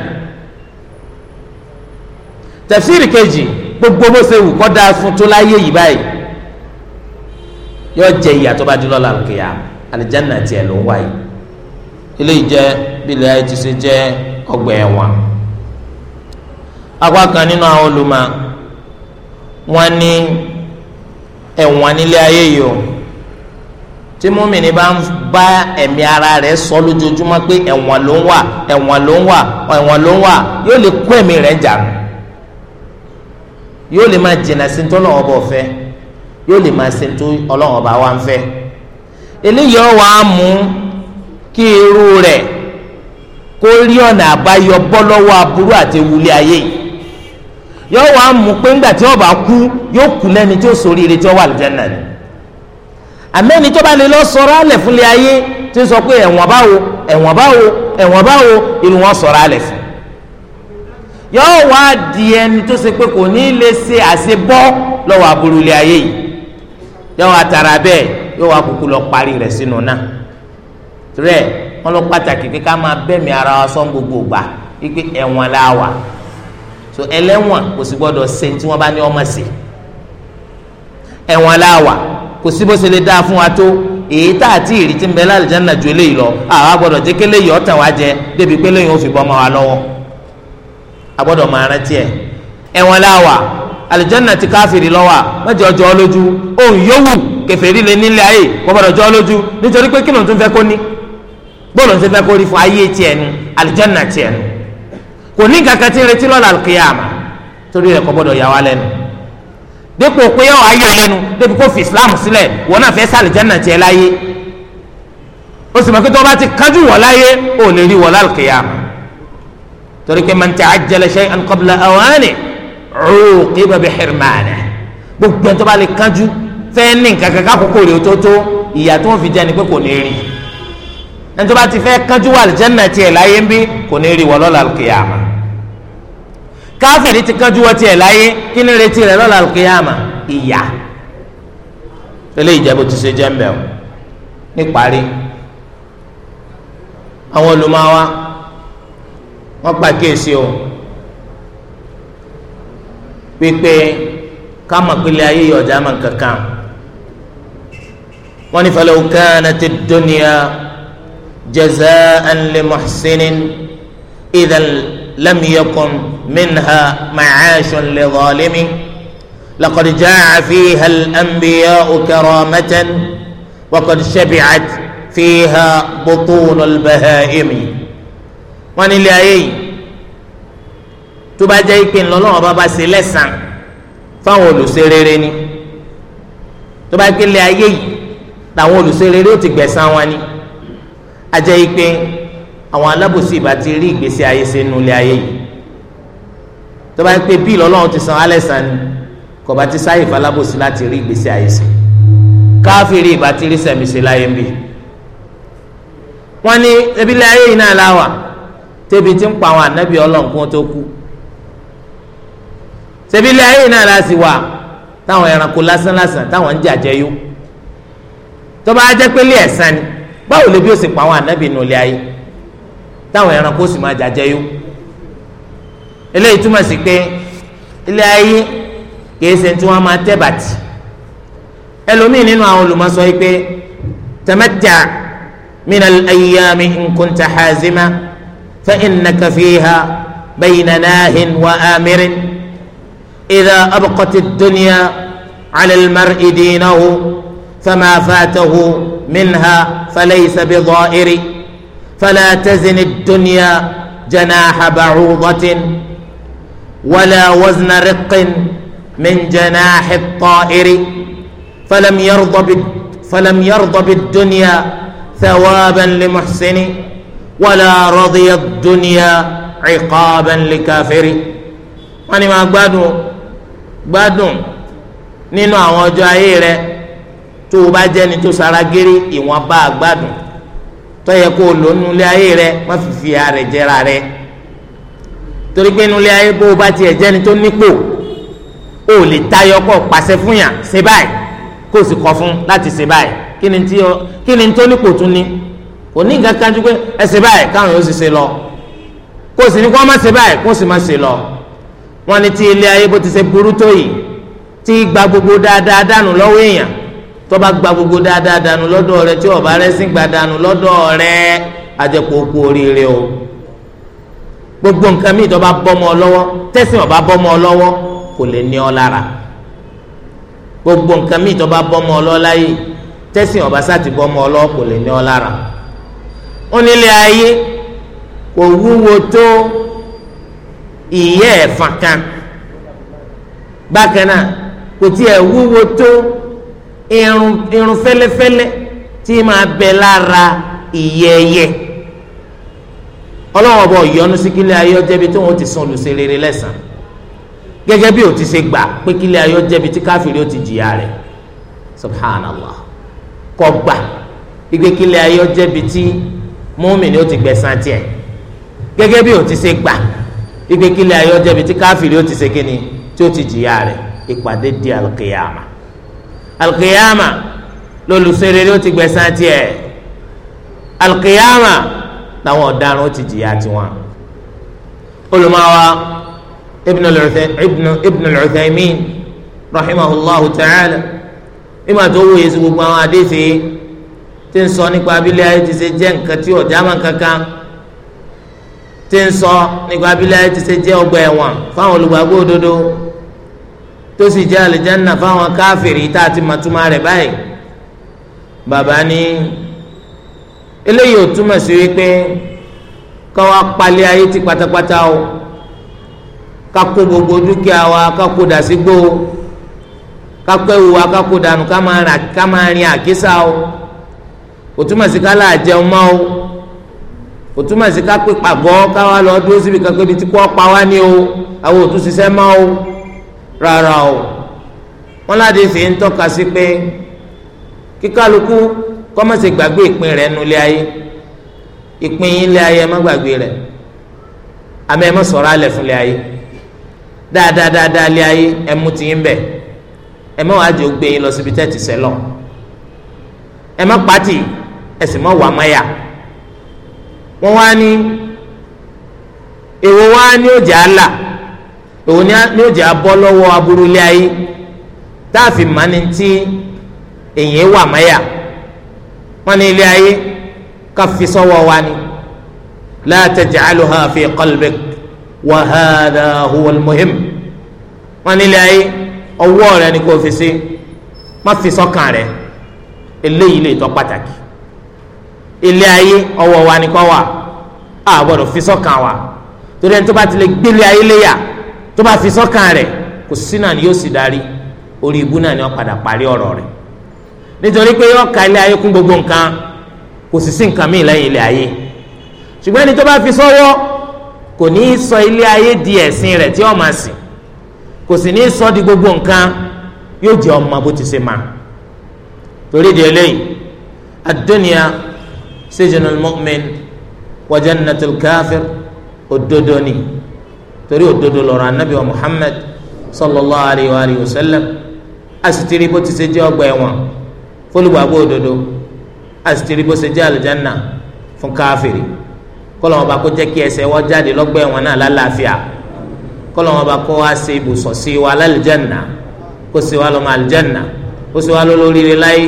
tẹ̀fsíìrì kejì gbogbo bó ṣe wù kọ́ da fún tó láyé yìí báyìí yóò jẹ ìyà tó bá di lọ́la kìyà alìjánà tiẹ̀ ló ń wáyé ilé ìjẹ́ bílẹ̀ ayé ti ṣe jẹ́ ọgbà ẹ̀wọ̀n apá kan nínú àwọn olùmọ̀ wọn ní ẹ̀wọ̀n nílé ayé yìí o tí múmìnì bá ń bá ẹ̀mí ara rẹ̀ sọ lójoojúmọ́ pé ẹ̀wọ̀n ló ń wà ẹ̀wọ̀n ló ń wà ẹ̀wọ̀n ló ń wà yóò lè kó ẹ̀mí rẹ̀ jà yóò lè máa jìnnà sí tó lọ́wọ́ bọ̀ fẹ́ yóò lè máa ṣe tó ọlọ́wọ́ bá wà ń fẹ́ eléyìí ó wá mú kí irú rẹ̀ kó rí ọ̀nà àbáyọ bọ́ lọ́wọ́ aburú àti ewúlé ayé yìí yóò wá mú pé ńgbà tí ó àmẹ́ni tó bá lè lọ sọ̀rọ̀ alẹ̀ fúnlẹ̀ ayé tí ń sọ pé ẹ̀wọ̀n báwo ẹ̀wọ̀n báwo ẹ̀wọ̀n báwo ìlú wọn sọ̀rọ̀ alẹ̀ fún yóò wá di ẹni tó ṣe pé kò ní lè ṣe àṣebọ́ lọ́wọ́ aburú ilé ayé yìí yóò wá tara bẹ́ẹ̀ yóò wá kúkú lọ parí rẹ̀ sínú náà rẹ̀ wọ́n lọ pàtàkì pé ká máa bẹ́ẹ̀mí ara wa sọ́n gbogbo gbà wípé ẹ̀wọ̀n la wà so ẹlẹ́wọ̀n kò sì gbọ́dọ̀ ṣe tí wọ́n bá ní ọmọ sí ẹ̀wọ̀n la wà. So, kò sí bó ṣe lè dáa fún wa tó èyí tá àti ìrètí ń bẹ lálùjánnà ju eléyìí lọ àwa gbọ́dọ̀ jẹ́ kí eléyìí ọ̀tàn wa jẹ débi pé eléyìí ó fi bọ́ ọmọ wa lọ́wọ́ a gbọ́dọ̀ máa rántí ẹ̀ ẹ̀wọ̀n láwà alijanna ti káfìrí lọ́wọ́ mẹ́jọ jọ lójú òun yòówù kẹfẹ́rí lé nílé ayé gbọ́dọ̀ jọ lójú nítorí pé kí ló ń tún fẹ́ kó ní bóòlù ń fẹ́ kó rí fún ayé tiẹ̀ nu alijanna tiẹ̀ nu kò ní kankan tí ń retí lọ́la kìyàmà torí rẹ̀ kọ́ gbọ́dọ̀ yà wá lẹ́nu dépò pé ọ ayọ lẹ́nu débi kó fi islam sílẹ̀ wọn náà fẹ́ sàlẹ jẹnà tiẹ láyé o sì mọ pé tó bá ti kájú wọ láyé ò lè rí wọ lálùkìyà torí pé man ta'ajjala shay'an qabla awani uqiba bi hirmanihi gbogbo ẹni tó bá lè kájú fẹ́ ní nǹkan kankan kókó tótó ìyà tó ń fi jẹ ni pé kò ní rí ẹni tó bá ti fẹ́ kájú wọ àlùjẹ́nà tiẹ̀ láyé ń bí kò ní rí wọ lọ́la lùkìyà mọ́ káfíìrì ti kánjú wọ́n tiẹ̀ láyé kí ni retí rẹ̀ lọ́la alùkìyàmà ìyà eléyìí jẹ́ bó ti ṣe jẹ́ mbẹ́ o níparí àwọn olùmọ̀wá wọ́n gba kéèsì o pípé kámọ̀ ayé ọ̀já máa kankan wọ́n ní falaw kanati dunya jaza'an li muhsinin idhal. لم يكن منها معاش لظالم لقد جاع فيها الأنبياء كرامة وقد شبعت فيها بطون البهائم wọ́n ní ilé ayé yìí tó bá jẹ́ ìpè ńlọ́lọ́wọ́ bá bá ṣe lẹ́sàn fáwọn olùṣe rere ni tó bá gbé ilé ayé yìí làwọn olùṣe rere ó ti gbẹ̀san wọn ni a jẹ́ ìpè ńlọ́lọ́wọ́ àwọn alábòsí ìbá ti rí ìgbésí ayé sínú ilé ayé yìí tó bá ń pè bíi lọ́lọ́run ti san alẹ́ sàn ni kò bá ti sáyè falábòsí láti rí ìgbésí ayé sí káfíìrì ìbá ti rí sẹ̀mísẹ́ láyé ń bì wọ́n ní ebi ilé ayé yìí náà láwà tẹ́bi ti ń pa àwọn ànábì ọlọ́run kó tó kú tẹ́bi ilé ayé yìí náà láti wà táwọn ẹranko lásán táwọn ń jàjẹ yó tó bá jẹ́ pé ilé ẹ̀san ni báwo lè bí ó sì pa àwọn ànábì nù ilé ayé. táwọn ẹranko sì máa jàjẹ yó eléyìí túmọ̀ sí pé ilé ayé kìí ṣe tí wọ́n máa tẹ́ bàtì ẹlòmíì nínú àwọn olùmọ̀sọ yìí pé tamatta min al-ayyami in kunta hazima fa innaka fiha bayna nahin wa amirin idha abqati ad-dunya ala al-mar'i dinahu fama fatahu minha falaysa bi dha'iri. فلا تزن الدنيا جناح بعوضة ولا وزن رق من جناح الطائر فلم يرضى فلم يرضى بالدنيا ثوابا لمحسن ولا رضي الدنيا عقابا لكافر wọ́n ní máa gbádùn gbádùn nínú àwọn ọjọ́ ayé rẹ tó o bá jẹ́ni tó sara gírí tọ́yẹ kó o lò nínú ilé ayé rẹ má fi fi ara rẹ jẹra rẹ torí pé nínú ilé ayé bó o bá tiẹ̀ jẹ́ni tó nípò o lè tayọ kọ́ pàṣẹ fún yàn ṣe báyìí kó o sì kọ́ fún láti ṣe báyìí kí ni tí o kí ni tó nípò tún ní kò ní nǹkan kan ju pé ẹ ṣe báyìí káwọn yóò sì ṣe lọ kó o sì ní kó o má ṣe báyìí kó o sì má ṣe lọ wọn ni ti ilé ayé bó ti ṣe burú tó yìí tí gba gbogbo dáadáa dànù lọ́wọ́ èèyàn tó bá gba gbogbo dáadáa dànù lọ́dọ̀ rẹ tí ó bá rẹ́sìn gba dànù lọ́dọ̀ rẹ àjẹpọ̀ okú oríire o gbogbo nǹkan míì tó bá bọ́mọ lọ́wọ́ tẹ́sìn ó bá bọ́mọ lọ́wọ́ kò lè ní ọ lára gbogbo nǹkan míì tó bá bọ́mọ lọ́wọ́ láyé tẹ́sìn ó bá sáti bọ́mọ lọ́wọ́ kò lè ní ọ lára onílé ayé kò wúwo tó ìyẹ́ ẹ̀fọn kan bákan náà kò tiẹ̀ wúwo tó. irun irun ti tí máa bẹ lára ìyẹ́yẹ́ ọlọ́wọ́n bọ̀ yọnu sí kílẹ̀ ayọ́ jẹ́bi tí wọ́n ti san olùsè rere lẹ́sàn gẹ́gẹ́ bí o ti ṣe gbà pé kílẹ̀ ayọ́ jẹ́bi tí káfíìrì o ti jìyà rẹ̀ subhanallah kọ́ gbà gbígbé kílẹ̀ ayọ́ jẹ́bi tí mùmínì o ti gbẹ̀san tiẹ̀ gẹ́gẹ́ bí o ti ṣe gbà gbígbé kílẹ̀ ayọ́ jẹ́bi tí káfíìrì o ti ṣe kíni tí o ti jìyà rẹ̀ ìpàdé di alkiyama lolùsèrèrè ó ti gbẹ̀san tiẹ̀ alkiyama làwọn ọ̀daràn ó ti jìyà tiwọn olùmọ̀wá ibn al-Uthaymin rahimahullahu ta'ala ìmọ̀ tó wòye sí gbogbo àwọn àdéhìí tí ń sọ nípa abílẹ̀ ayé ti ṣe jẹ́ nǹkan tí ọ̀já máa ń kankan tí ń sọ nípa abílẹ̀ ayé ti ṣe jẹ́ ọgbà ẹ̀wọ̀n fáwọn olùgbàgbọ́ òdodo tó sì jẹ́ àlìjáná fáwọn káfìrí tá a ti máa túmọ̀ rẹ̀ báyìí bàbá ní eléyìí ò túmọ̀ sí wípé káwa palẹ̀ ayé ti pátápátá o ká kó gbogbo dúkìá wa ká kó dà sí gbó o ká kó ẹ̀wù wa ká kó dànù ká máa rin àkísà o kò túmọ̀ sí ká là jẹun mọ́ o kò túmọ̀ sí ká pé pàgọ́ káwa lọ dúró síbi kan pé ibi tí kò pa wá ní o àwọn ò tún ṣiṣẹ́ mọ́ o. rárá o wọn láti fi ń tọ́ka sí pé kíkálukú kọ́mọ̀sí gbàgbé ìpín rẹ̀ nulẹ̀ ayé ìpín ayé gbàgbé rẹ̀ sọ̀rọ̀ alẹ̀ fún ayé dáadáa ti bẹ̀ òun ni ó jẹ́ abọ́ lọ́wọ́ aburú ilé ayé tá a fi máa ní tí èyí wà máyà wọn ní ilé ayé ká fi sọ́wọ́ wa ni la taj'alha fi qalbik wa hadha huwa al-muhim wọn ní ilé ayé ọwọ́ rẹ ni kò fi sí má fi sọ́kàn rẹ eléyìí lè tọ́ pàtàkì ilé ayé ọwọ́ wa ni kọ́ wà á fi sọ́kàn wa torí ẹni tó bá ti lè gbélé ayé léyà tó bá fi sọ́kàn rẹ̀ kò sí náà ni yóò sì darí orí ibú náà ni wọ́n padà parí ọ̀rọ̀ rẹ̀ nítorí pé yọ ka ilé ayé kún gbogbo nǹkan kò sì sí nǹkan míì lẹ́yìn ilé ayé ṣùgbọ́n ẹni tó bá fi sọ́wọ́ kò ní í sọ ilé ayé di ẹ̀sìn rẹ̀ tí ó máa kò sì ní í sọ di gbogbo nǹkan yóò jẹ́ ọmọ bó ti ṣe máa torí di eléyìí ad-dunya sijnul mu'min wa òdodo ni torí òdodo lọ́rọ̀ anabi wa muhammad sallallahu alayhi wa alayhi wa sallam asitiri bó ti ṣe jẹ́ ọgbà ẹ̀wọ̀n fólùgbàgbọ́ òdodo asitiri bó ṣe jẹ́ alìjánná fún káfìrí kọ́lọ̀ wọn bá kó jẹ́ kí ẹsẹ̀ wọ́n jáde lọ́gbà ẹ̀wọ̀n náà lálàáfíà kọ́lọ̀ wọn bá kó wá ṣe ibùsọ̀ sí wa lálìjánná kó ṣe wa lọ́mọ alìjánná kó ṣe wa lólóríire láyé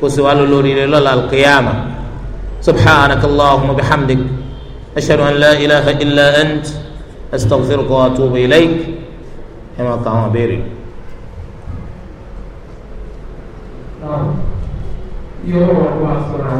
kó ṣe wa lólóríire lọ́la alqiyama subhanakallahumma bihamdik ashhadu an la ilaha illa ant astaghfiruka wa atubu ilayk ẹ máa ka àwọn abéèrè. yóò wọ́n wá sọ̀rọ̀.